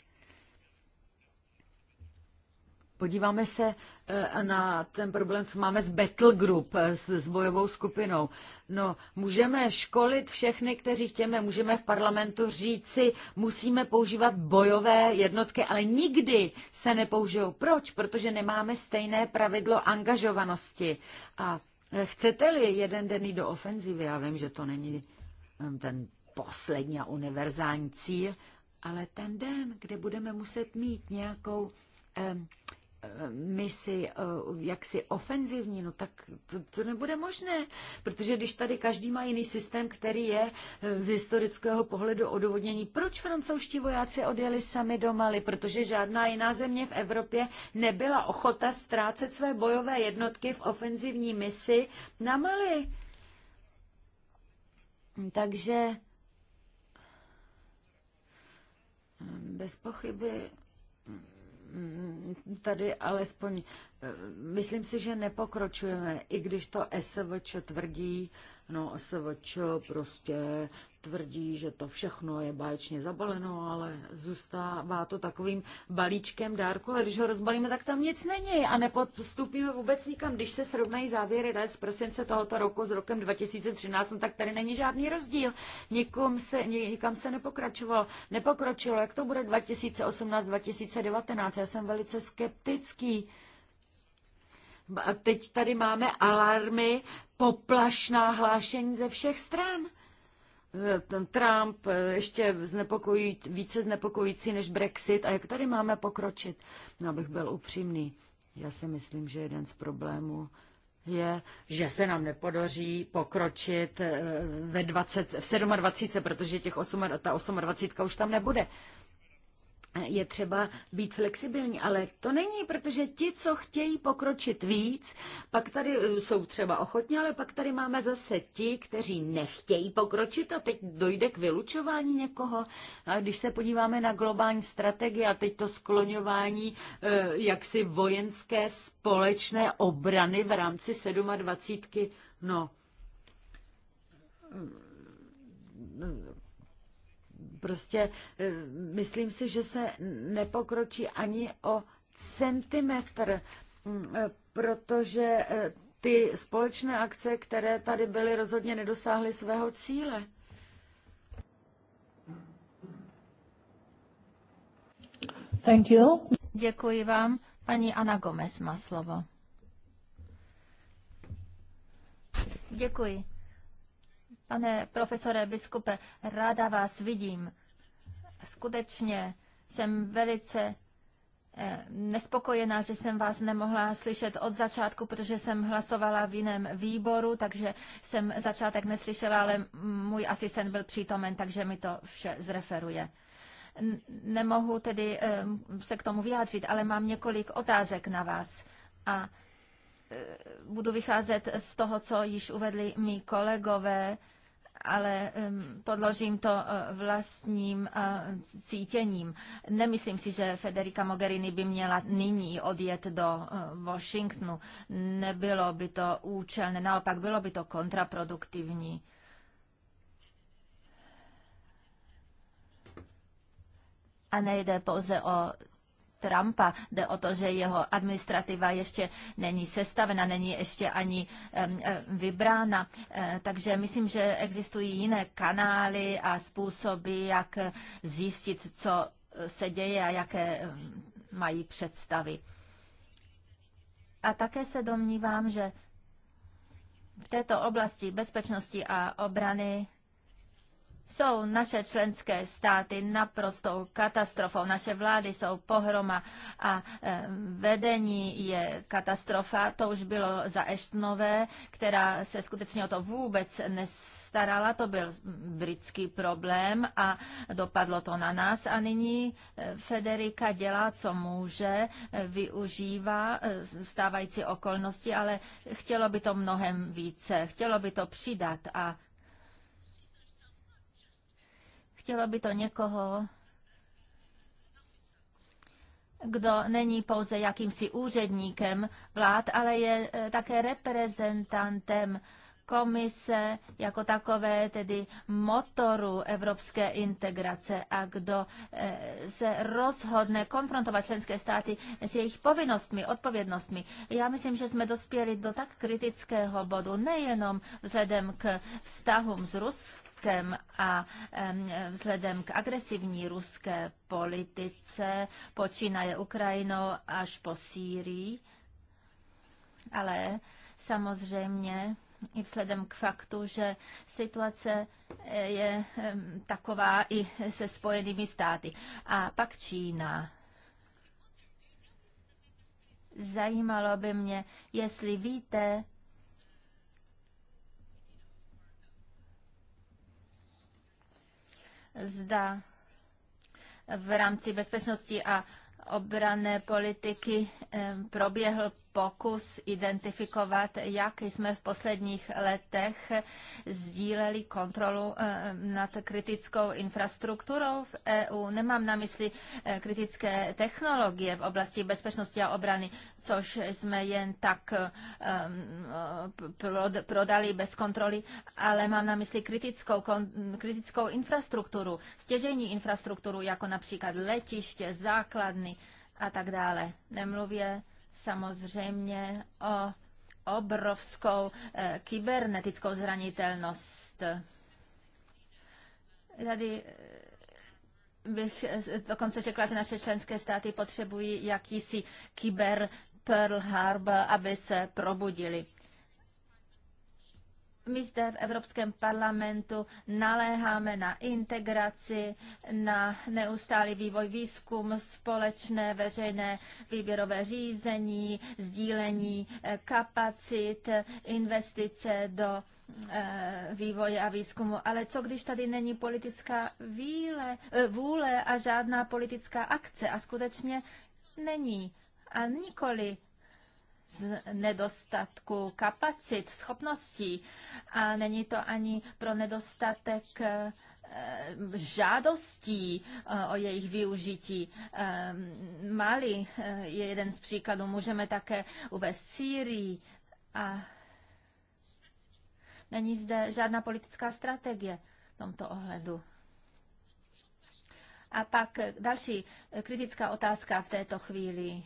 Podíváme se eh, na ten problém, co máme s Battle Group, eh, s, s bojovou skupinou. No, můžeme školit všechny, kteří chtěme, můžeme v parlamentu říci, musíme používat bojové jednotky, ale nikdy se nepoužijou. Proč? Protože nemáme stejné pravidlo angažovanosti. A eh, chcete-li jeden den jít do ofenzivy, já vím, že to není ten poslední a univerzální cíl, ale ten den, kde budeme muset mít nějakou misi eh, jaksi ofenzivní, no tak to, to nebude možné, protože když tady každý má jiný systém, který je eh, z historického pohledu odůvodnění, proč francouzští vojáci odjeli sami do Mali, protože žádná jiná země v Evropě nebyla ochota ztrácet své bojové jednotky v ofenzivní misi na Mali. Takže eh, bez pochyby tady alespoň Myslím si, že nepokročujeme, i když to SVČ tvrdí, no SVČ prostě tvrdí, že to všechno je báječně zabaleno, ale zůstává to takovým balíčkem dárku, ale když ho rozbalíme, tak tam nic není a nepostupíme vůbec nikam. Když se srovnají závěry z prosince tohoto roku s rokem 2013, no tak tady není žádný rozdíl. Nikom se, nikam se nepokračovalo. Nepokročilo, jak to bude 2018-2019, já jsem velice skeptický a teď tady máme alarmy, poplašná hlášení ze všech stran. Eh, ten Trump eh, ještě znepokojí, více znepokojící než Brexit. A jak tady máme pokročit? No, abych byl upřímný. Já si myslím, že jeden z problémů je, že se nám nepodaří pokročit eh, ve 20, v 27, protože těch 8, ta 28 už tam nebude je třeba být flexibilní, ale to není, protože ti, co chtějí pokročit víc, pak tady eh, jsou třeba ochotní, ale pak tady máme zase ti, kteří nechtějí pokročit a teď dojde k vylučování někoho. A když se podíváme na globální strategii a teď to skloňování eh, jaksi vojenské společné obrany v rámci 27, no Prostě eh, myslím si, že se nepokročí ani o centimetr, mm, eh, protože eh, ty společné akce, které tady byly, rozhodně nedosáhly svého cíle. Thank you. Děkuji vám. Paní Ana Gomez má slovo. Děkuji. Pane profesore biskupe, ráda vás vidím. Skutečně jsem velice eh, nespokojená, že jsem vás nemohla slyšet od začátku, protože jsem hlasovala v jiném výboru, takže jsem začátek neslyšela, ale můj asistent byl přítomen, takže mi to vše zreferuje. Nemohu tedy eh, se k tomu vyjádřit, ale mám několik otázek na vás. A Eh, budu vycházet z toho, co již uvedli mý kolegové, ale podložím to eh, vlastním eh, cítěním. Nemyslím si, že Federica Mogherini by měla nyní odjet do Washingtonu. Nebylo by to účelné, naopak bylo by to kontraproduktivní. A nejde pouze o Trumpa. Jde o to, že jeho administrativa ještě není sestavena, není ještě ani vybrána. E, takže myslím, že existují jiné kanály a způsoby, jak zjistit, co se děje a jaké mají představy. A také se domnívám, že v této oblasti bezpečnosti a obrany jsou naše členské státy naprostou katastrofou. Naše vlády jsou pohroma a e, vedení je katastrofa. To už bylo za Eštnové, která se skutečně o to vůbec nestarala. To byl britský problém a dopadlo to na nás. A nyní e, Federika dělá, co může, e, využívá stávající okolnosti, ale chtělo by to mnohem více. Chtělo by to přidat a Chtělo by to někoho, kdo není pouze jakýmsi úředníkem vlád, ale je e, také reprezentantem komise jako takové, tedy motoru evropské integrace a kdo e, se rozhodne konfrontovat členské státy s jejich povinnostmi, odpovědnostmi. Já myslím, že jsme dospěli do tak kritického bodu, nejenom vzhledem k vztahům s Ruskem, Ruskem a vzhledem k agresivní ruské politice, počínaje Ukrajinou až po Sýrii, ale samozřejmě i vzhledem k faktu, že situace e, je taková i se spojenými státy. A pak Čína. Zajímalo by mě, jestli víte, zda v rámci bezpečnosti a obrané politiky eh, proběhl pokus identifikovat, jak jsme v posledních letech sdíleli kontrolu eh, nad kritickou infrastrukturou v EU. Nemám na mysli eh, kritické technologie v oblasti bezpečnosti a obrany, což jsme jen tak eh, prodali bez kontroly, ale mám na mysli kritickou, kritickou infrastrukturu, stěžení infrastrukturu, jako například letiště, základny a tak dále. Nemluvě samozřejmě o obrovskou eh, kybernetickou zranitelnost. Tady eh, bych eh, dokonce řekla, že naše členské státy potřebují jakýsi kyber Pearl Harbor, aby se probudili. My zde v Evropském parlamentu naléháme na integraci, na neustálý vývoj výzkum, společné veřejné výběrové řízení, sdílení eh, kapacit, investice do eh, vývoje a výzkumu. Ale co když tady není politická víle, eh, vůle a žádná politická akce a skutečně není a nikoli z nedostatku kapacit, schopností a není to ani pro nedostatek eh, žádostí eh, o jejich využití. Eh, Mali je jeden z příkladů, můžeme také uvést Sýrii a není zde žádná politická strategie v tomto ohledu. A pak další kritická otázka v této chvíli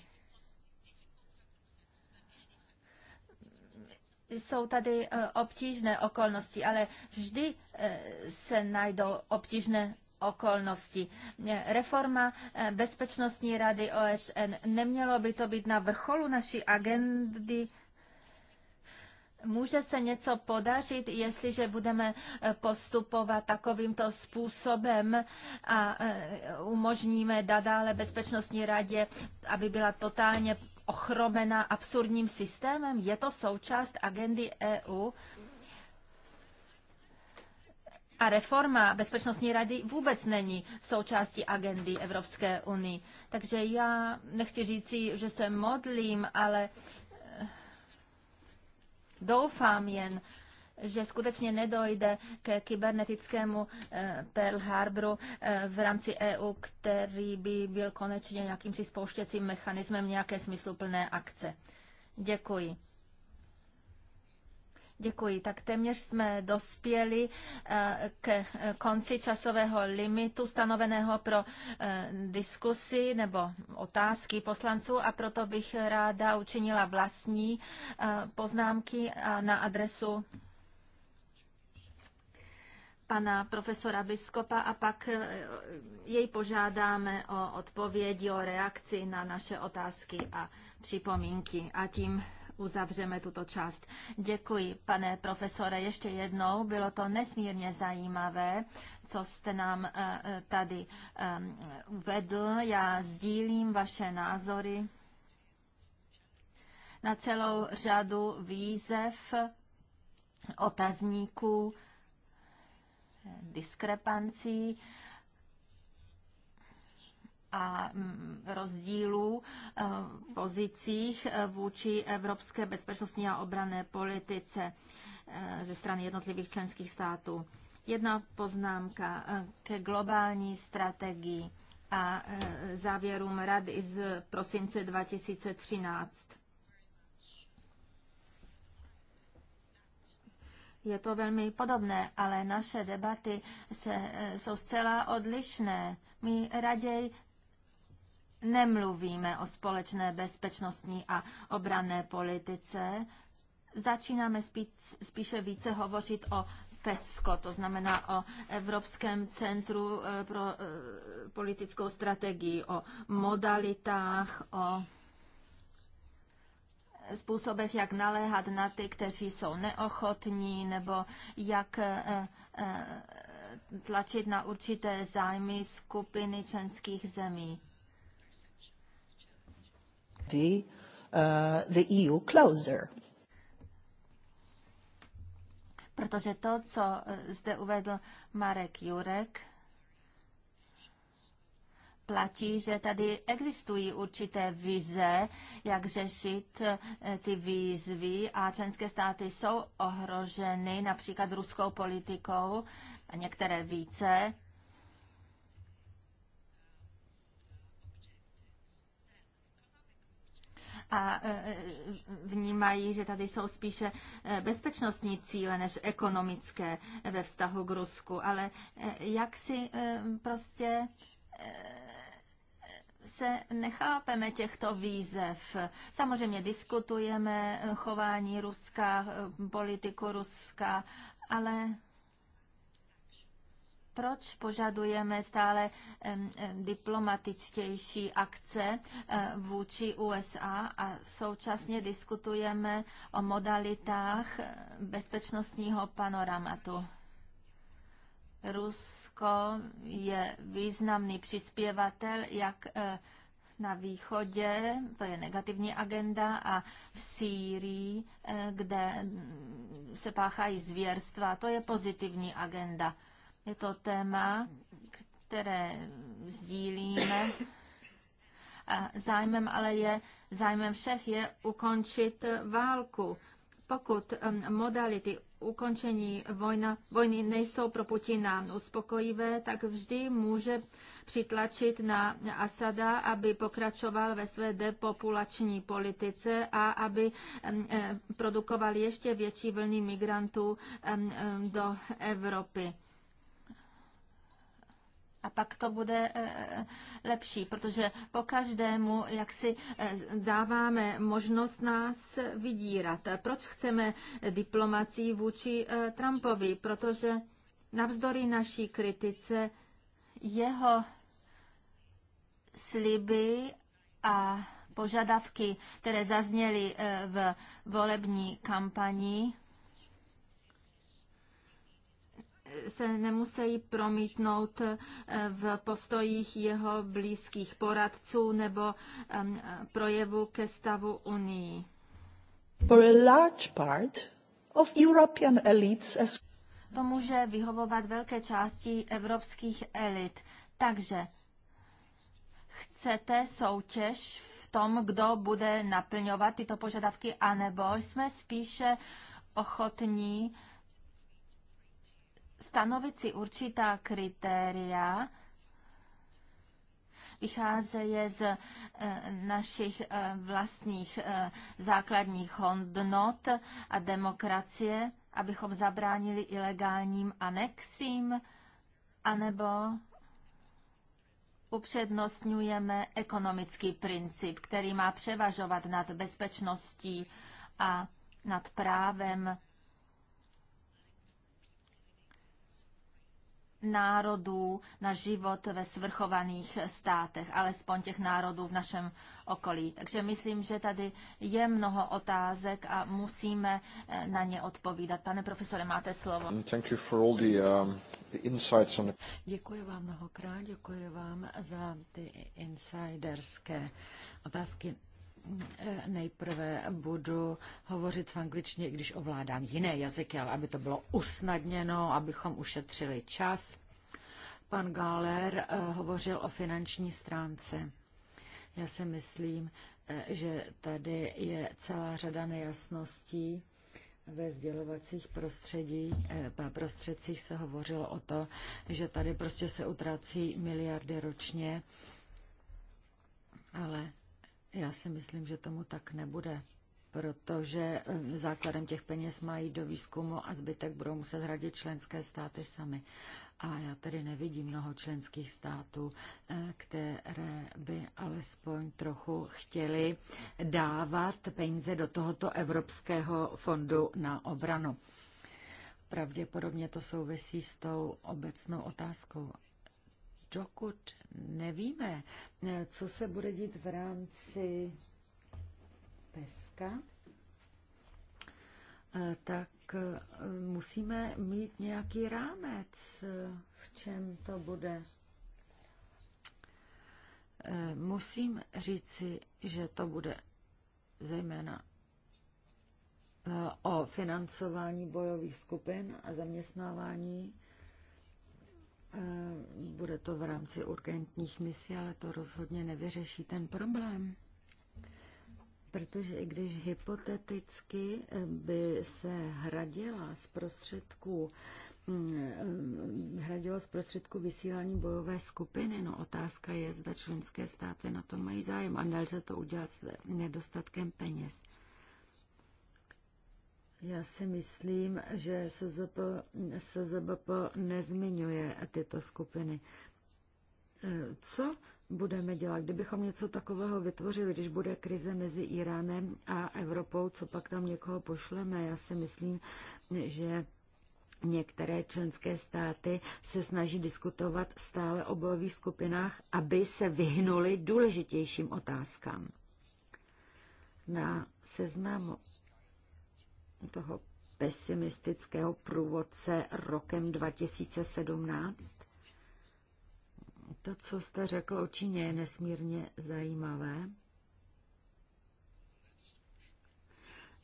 jsou tady eh, obtížné okolnosti, ale vždy eh, se najdou obtížné okolnosti. Eh, reforma Bezpečnostní rady OSN nemělo by to být na vrcholu naší agendy Může se něco podařit, jestliže budeme postupovat takovýmto způsobem a umožníme nadále Bezpečnostní radě, aby byla totálně ochromena absurdním systémem? Je to součást agendy EU? A reforma Bezpečnostní rady vůbec není součástí agendy Evropské unie. Takže já nechci říci, že se modlím, ale eh, doufám jen, že skutečně nedojde ke kybernetickému eh, Pearl Harboru eh, v rámci EU, který by byl konečně jakýmsi spouštěcím mechanismem nějaké smysluplné akce. Děkuji. Děkuji. Tak téměř jsme dospěli eh, k konci časového limitu stanoveného pro diskusy nebo otázky poslanců a proto bych ráda učinila vlastní poznámky na adresu pana profesora Biskopa a pak eh, jej požádáme o odpovědi, o reakci na naše otázky a připomínky. A tím uzavřeme tuto část. Děkuji, pane profesore, ještě jednou. Bylo to nesmírně zajímavé, co jste nám eh, eh, tady ehm, uvedl. Já sdílím vaše názory na celou řadu výzev, otazníků, diskrepancí a mm, rozdílů eh, v pozicích eh, vůči evropské bezpečnostní a obrané politice eh, ze strany jednotlivých členských států. Jedna poznámka ke globální strategii a závěrům rady z prosince 2013. je to velmi podobné, ale naše debaty se, eh, jsou zcela odlišné. My raději nemluvíme o společné bezpečnostní a obranné politice, začínáme spíš, spíše více hovořit o PESCO, to znamená o Evropském centru eh, pro eh, politickou strategii, o modalitách, o způsobech, jak naléhat na ty, kteří jsou neochotní, nebo jak eh, eh, tlačit na určité zájmy skupiny členských zemí. The, uh, the EU closer. Protože to, co zde uvedl Marek Jurek, platí, že tady existují určité vize, jak řešit eh, ty výzvy a členské státy jsou ohroženy například ruskou politikou a některé více. a eh, vnímají, že tady jsou spíše eh, bezpečnostní cíle než ekonomické ve vztahu k Rusku. Ale jak si prostě se nechápeme těchto výzev. Samozřejmě diskutujeme chování Ruska, politiku Ruska, ale proč požadujeme stále diplomatičtější akce eh, vůči USA a současně diskutujeme o modalitách eh, bezpečnostního panoramatu. Rusko je významný přispěvatel, jak eh, na východě, to je negativní agenda, a v Sýrii, eh, kde mm, se páchají zvěrstva, to je pozitivní agenda. Je to téma, které sdílíme. A zájmem ale je, zájmem všech je ukončit válku. Pokud modality ukončení vojna, vojny nejsou pro Putina uspokojivé, tak vždy může přitlačit na Asada, aby pokračoval ve své depopulační politice a aby produkoval ještě větší vlny migrantů do Evropy. A pak to bude eh, eh, lepší, protože po každému, jak si eh, dáváme možnost nás vydírat. Proč chceme diplomací vůči Trumpovi? Protože navzdory naší kritice jeho sliby a požadavky, které zazněly v volební kampani, se nemusí promítnout eh, v postojích jeho blízkých poradců nebo projevu ke stavu Unii. For a large part of European elites as... To může vyhovovat velké části evropských elit. Takže chcete soutěž v tom, kdo bude naplňovat tyto požadavky, anebo jsme spíše ochotní uh, stanovit si určitá kritéria, vycházeje z eh, našich eh, vlastních eh, základních hodnot a demokracie, abychom zabránili ilegálním anexím, anebo upřednostňujeme ekonomický princip, který má převažovat nad bezpečností a nad právem národů na život ve svrchovaných státech, alespoň těch národů v našem okolí. Takže myslím, že tady je mnoho otázek a musíme eh, na ně odpovídat. Pane profesore, máte slovo. Thank you for all the, um, Děkuji vám mnohokrát, děkuji vám za ty insiderské otázky. Nejprve budu hovořit v angličtině, i když ovládám jiné jazyky, ale aby to bylo usnadněno, abychom ušetřili čas. Pan Galer eh, hovořil o finanční stránce. Já si myslím, eh, že tady je celá řada nejasností ve sdělovacích prostředí, eh, prostředcích se hovořilo o to, že tady prostě se utrácí miliardy ročně, ale já si myslím, že tomu tak nebude, protože eh, základem těch peněz mají do výzkumu a zbytek budou muset hradit členské státy sami. A já tady nevidím mnoho členských států, eh, které by alespoň trochu chtěli dávat peníze do tohoto Evropského fondu na obranu. Pravděpodobně to souvisí s tou obecnou otázkou, dokud nevíme, eh, co se bude dít v rámci peska, eh, tak eh, musíme mít nějaký rámec, v čem to bude. Musím říci, že to bude zejména o financování bojových skupin a zaměstnávání Eh, bude to v rámci urgentních misí, ale to rozhodně nevyřeší ten problém. Protože i když hypoteticky eh, by se hradila z prostředků mm, eh, hradilo z prostředku vysílání bojové skupiny. No otázka je, zda členské státy na to mají zájem a nelze to udělat s nedostatkem peněz. Já si myslím, že SZP, SZBP nezmiňuje tyto skupiny. E, co budeme dělat? Kdybychom něco takového vytvořili, když bude krize mezi Iránem a Evropou, co pak tam někoho pošleme? Já si myslím, že Některé členské státy se snaží diskutovat stále o bojových skupinách, aby se vyhnuli důležitějším otázkám. Na seznamu toho pesimistického průvodce rokem 2017? To, co jste řekl o Číně, je nesmírně zajímavé.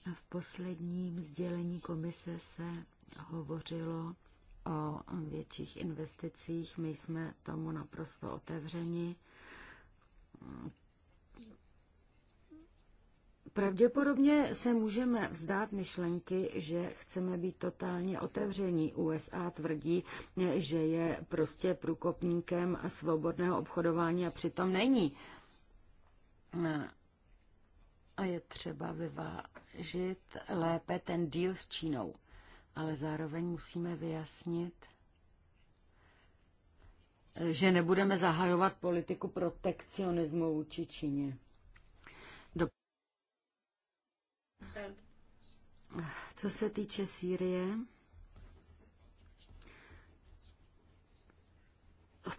A v posledním sdělení komise se hovořilo o větších investicích. My jsme tomu naprosto otevřeni. Pravděpodobně se můžeme vzdát myšlenky, že chceme být totálně otevření. USA tvrdí, že je prostě průkopníkem svobodného obchodování a přitom není. A je třeba vyvážit lépe ten díl s Čínou. Ale zároveň musíme vyjasnit, že nebudeme zahajovat politiku protekcionismu vůči Číně. Co se týče Sýrie,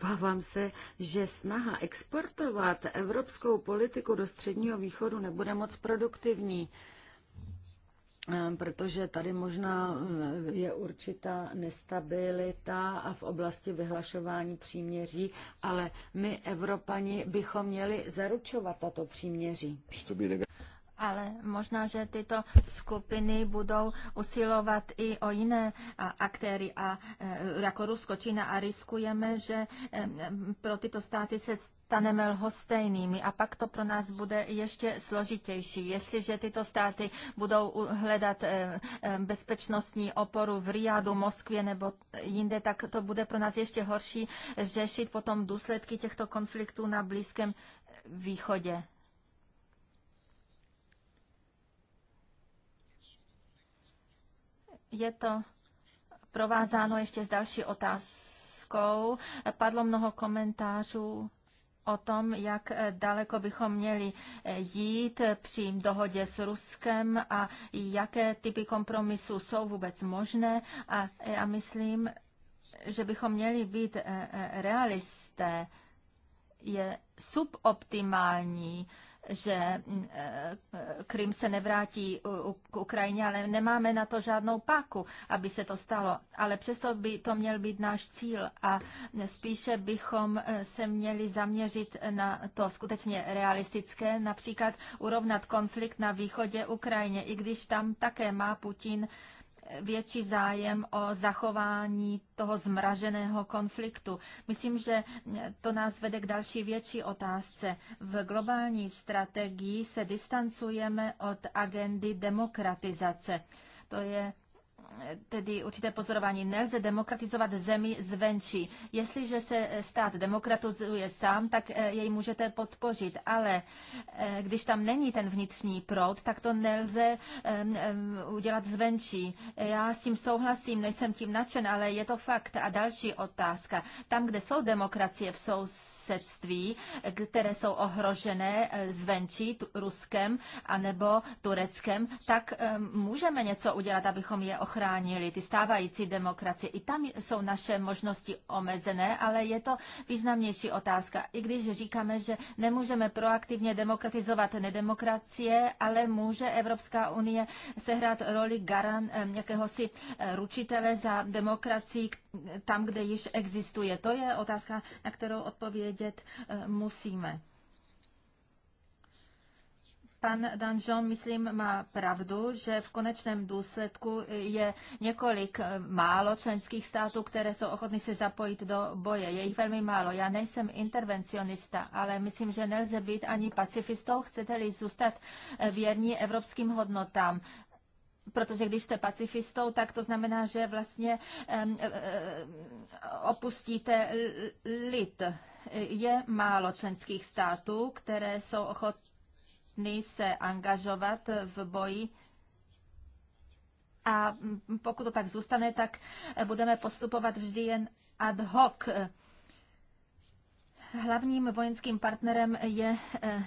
Obávám se, že snaha exportovat evropskou politiku do Středního východu nebude moc produktivní, eh, protože tady možná eh, je určitá nestabilita a v oblasti vyhlašování příměří, ale my, Evropani, bychom měli zaručovat tato příměří ale možná, že tyto skupiny budou usilovat i o jiné aktéry a e, jako Rusko, Čína a riskujeme, že e, pro tyto státy se staneme lhostejnými a pak to pro nás bude ještě složitější. Jestliže tyto státy budou hledat e, bezpečnostní oporu v Riadu, Moskvě nebo jinde, tak to bude pro nás ještě horší řešit potom důsledky těchto konfliktů na Blízkém východě. je to provázáno ještě s další otázkou. Padlo mnoho komentářů o tom, jak daleko bychom měli jít při dohodě s Ruskem a jaké typy kompromisů jsou vůbec možné. A já myslím, že bychom měli být eh, eh, realisté. Je suboptimální že eh, Krym se nevrátí k Ukrajině, ale nemáme na to žádnou páku, aby se to stalo. Ale přesto by to měl být náš cíl a spíše bychom eh, se měli zaměřit na to skutečně realistické, například urovnat konflikt na východě Ukrajině, i když tam také má Putin větší zájem o zachování toho zmraženého konfliktu. Myslím, že to nás vede k další větší otázce. V globální strategii se distancujeme od agendy demokratizace. To je tedy určité pozorování. Nelze demokratizovat zemi zvenčí. Jestliže se stát demokratizuje sám, tak eh, jej můžete podpořit, ale eh, když tam není ten vnitřní proud, tak to nelze udělat zvenčí. Já s tím souhlasím, nejsem tím nadšen, ale je to fakt. A další otázka. Tam, kde jsou demokracie v sousedství, které jsou ohrožené eh, zvenčí Ruskem anebo Tureckem, tak eh, můžeme něco udělat, abychom je ochránili, ty stávající demokracie. I tam jsou naše možnosti omezené, ale je to významnější otázka. I když říkáme, že nemůžeme proaktivně demokratizovat nedemokracie, ale může Evropská unie sehrát roli garan, eh, jakéhosi ručitele za demokracii tam, kde již existuje. To je otázka, na kterou odpověď vědět eh, musíme. Pan Danjon, myslím, má pravdu, že v konečném důsledku je několik eh, málo členských států, které jsou ochotny se zapojit do boje. Je jich velmi málo. Já nejsem intervencionista, ale myslím, že nelze být ani pacifistou, chcete-li zůstat eh, věrní evropským hodnotám protože když jste pacifistou, tak to znamená, že vlastně opustíte lid je málo členských států, které jsou ochotny se angažovat v boji a pokud to tak zůstane, tak budeme postupovat vždy jen ad hoc. Hlavním vojenským partnerem je, eh,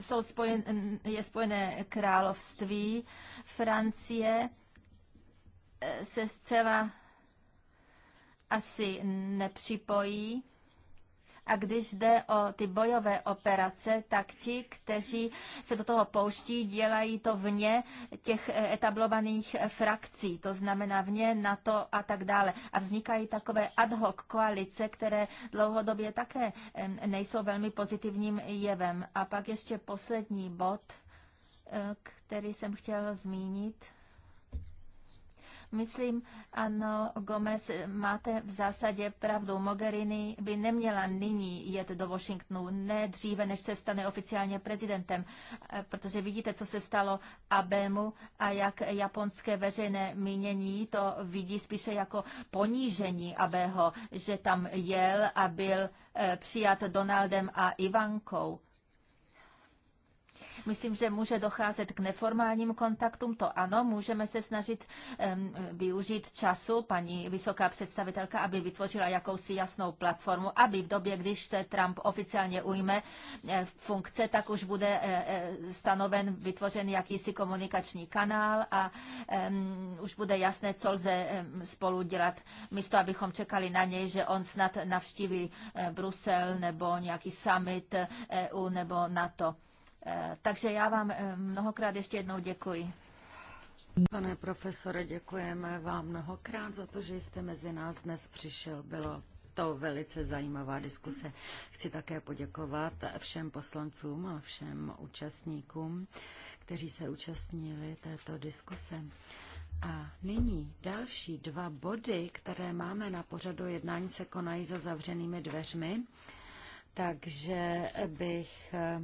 jsou spojen, je Spojené království. Francie eh, se zcela asi nepřipojí a když jde o ty bojové operace, tak ti, kteří se do toho pouští, dělají to vně těch eh, etablovaných frakcí, to znamená vně NATO a tak dále. A vznikají takové ad hoc koalice, které dlouhodobě také nejsou velmi pozitivním jevem. A pak ještě poslední bod, eh, který jsem chtěl zmínit. Myslím, ano, Gomez, máte v zásadě pravdu. Mogherini by neměla nyní jet do Washingtonu, ne dříve, než se stane oficiálně prezidentem, eh, protože vidíte, co se stalo Abemu a jak japonské veřejné mínění to vidí spíše jako ponížení Abeho, že tam jel a byl eh, přijat Donaldem a Ivankou. Myslím, že může docházet k neformálním kontaktům, to ano, můžeme se snažit um, využít času paní vysoká představitelka, aby vytvořila jakousi jasnou platformu, aby v době, když se Trump oficiálně ujme eh, funkce, tak už bude eh, eh, stanoven, vytvořen jakýsi komunikační kanál a um, už bude jasné, co lze spolu dělat, místo abychom čekali na něj, že on snad navštíví Brusel nebo nějaký summit EU e nebo NATO. Eh, takže já vám eh, mnohokrát ještě jednou děkuji. Pane profesore, děkujeme vám mnohokrát za to, že jste mezi nás dnes přišel. Bylo to velice zajímavá diskuse. Chci také poděkovat všem poslancům a všem účastníkům, kteří se účastnili této diskuse. A nyní další dva body, které máme na pořadu jednání, se konají za zavřenými dveřmi. Takže bych eh,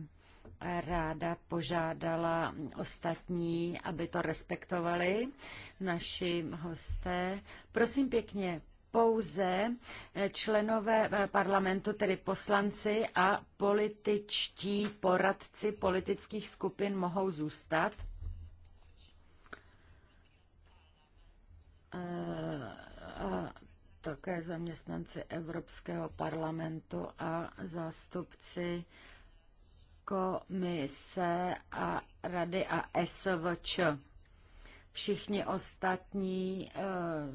ráda požádala ostatní, aby to respektovali, naši hosté. Prosím pěkně, pouze eh, členové eh, parlamentu, tedy poslanci a političtí poradci politických skupin mohou zůstat. Eh, a také zaměstnanci Evropského parlamentu a zástupci komise a rady a SVČ. Všichni ostatní eh,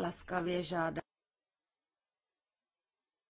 laskavě žádá.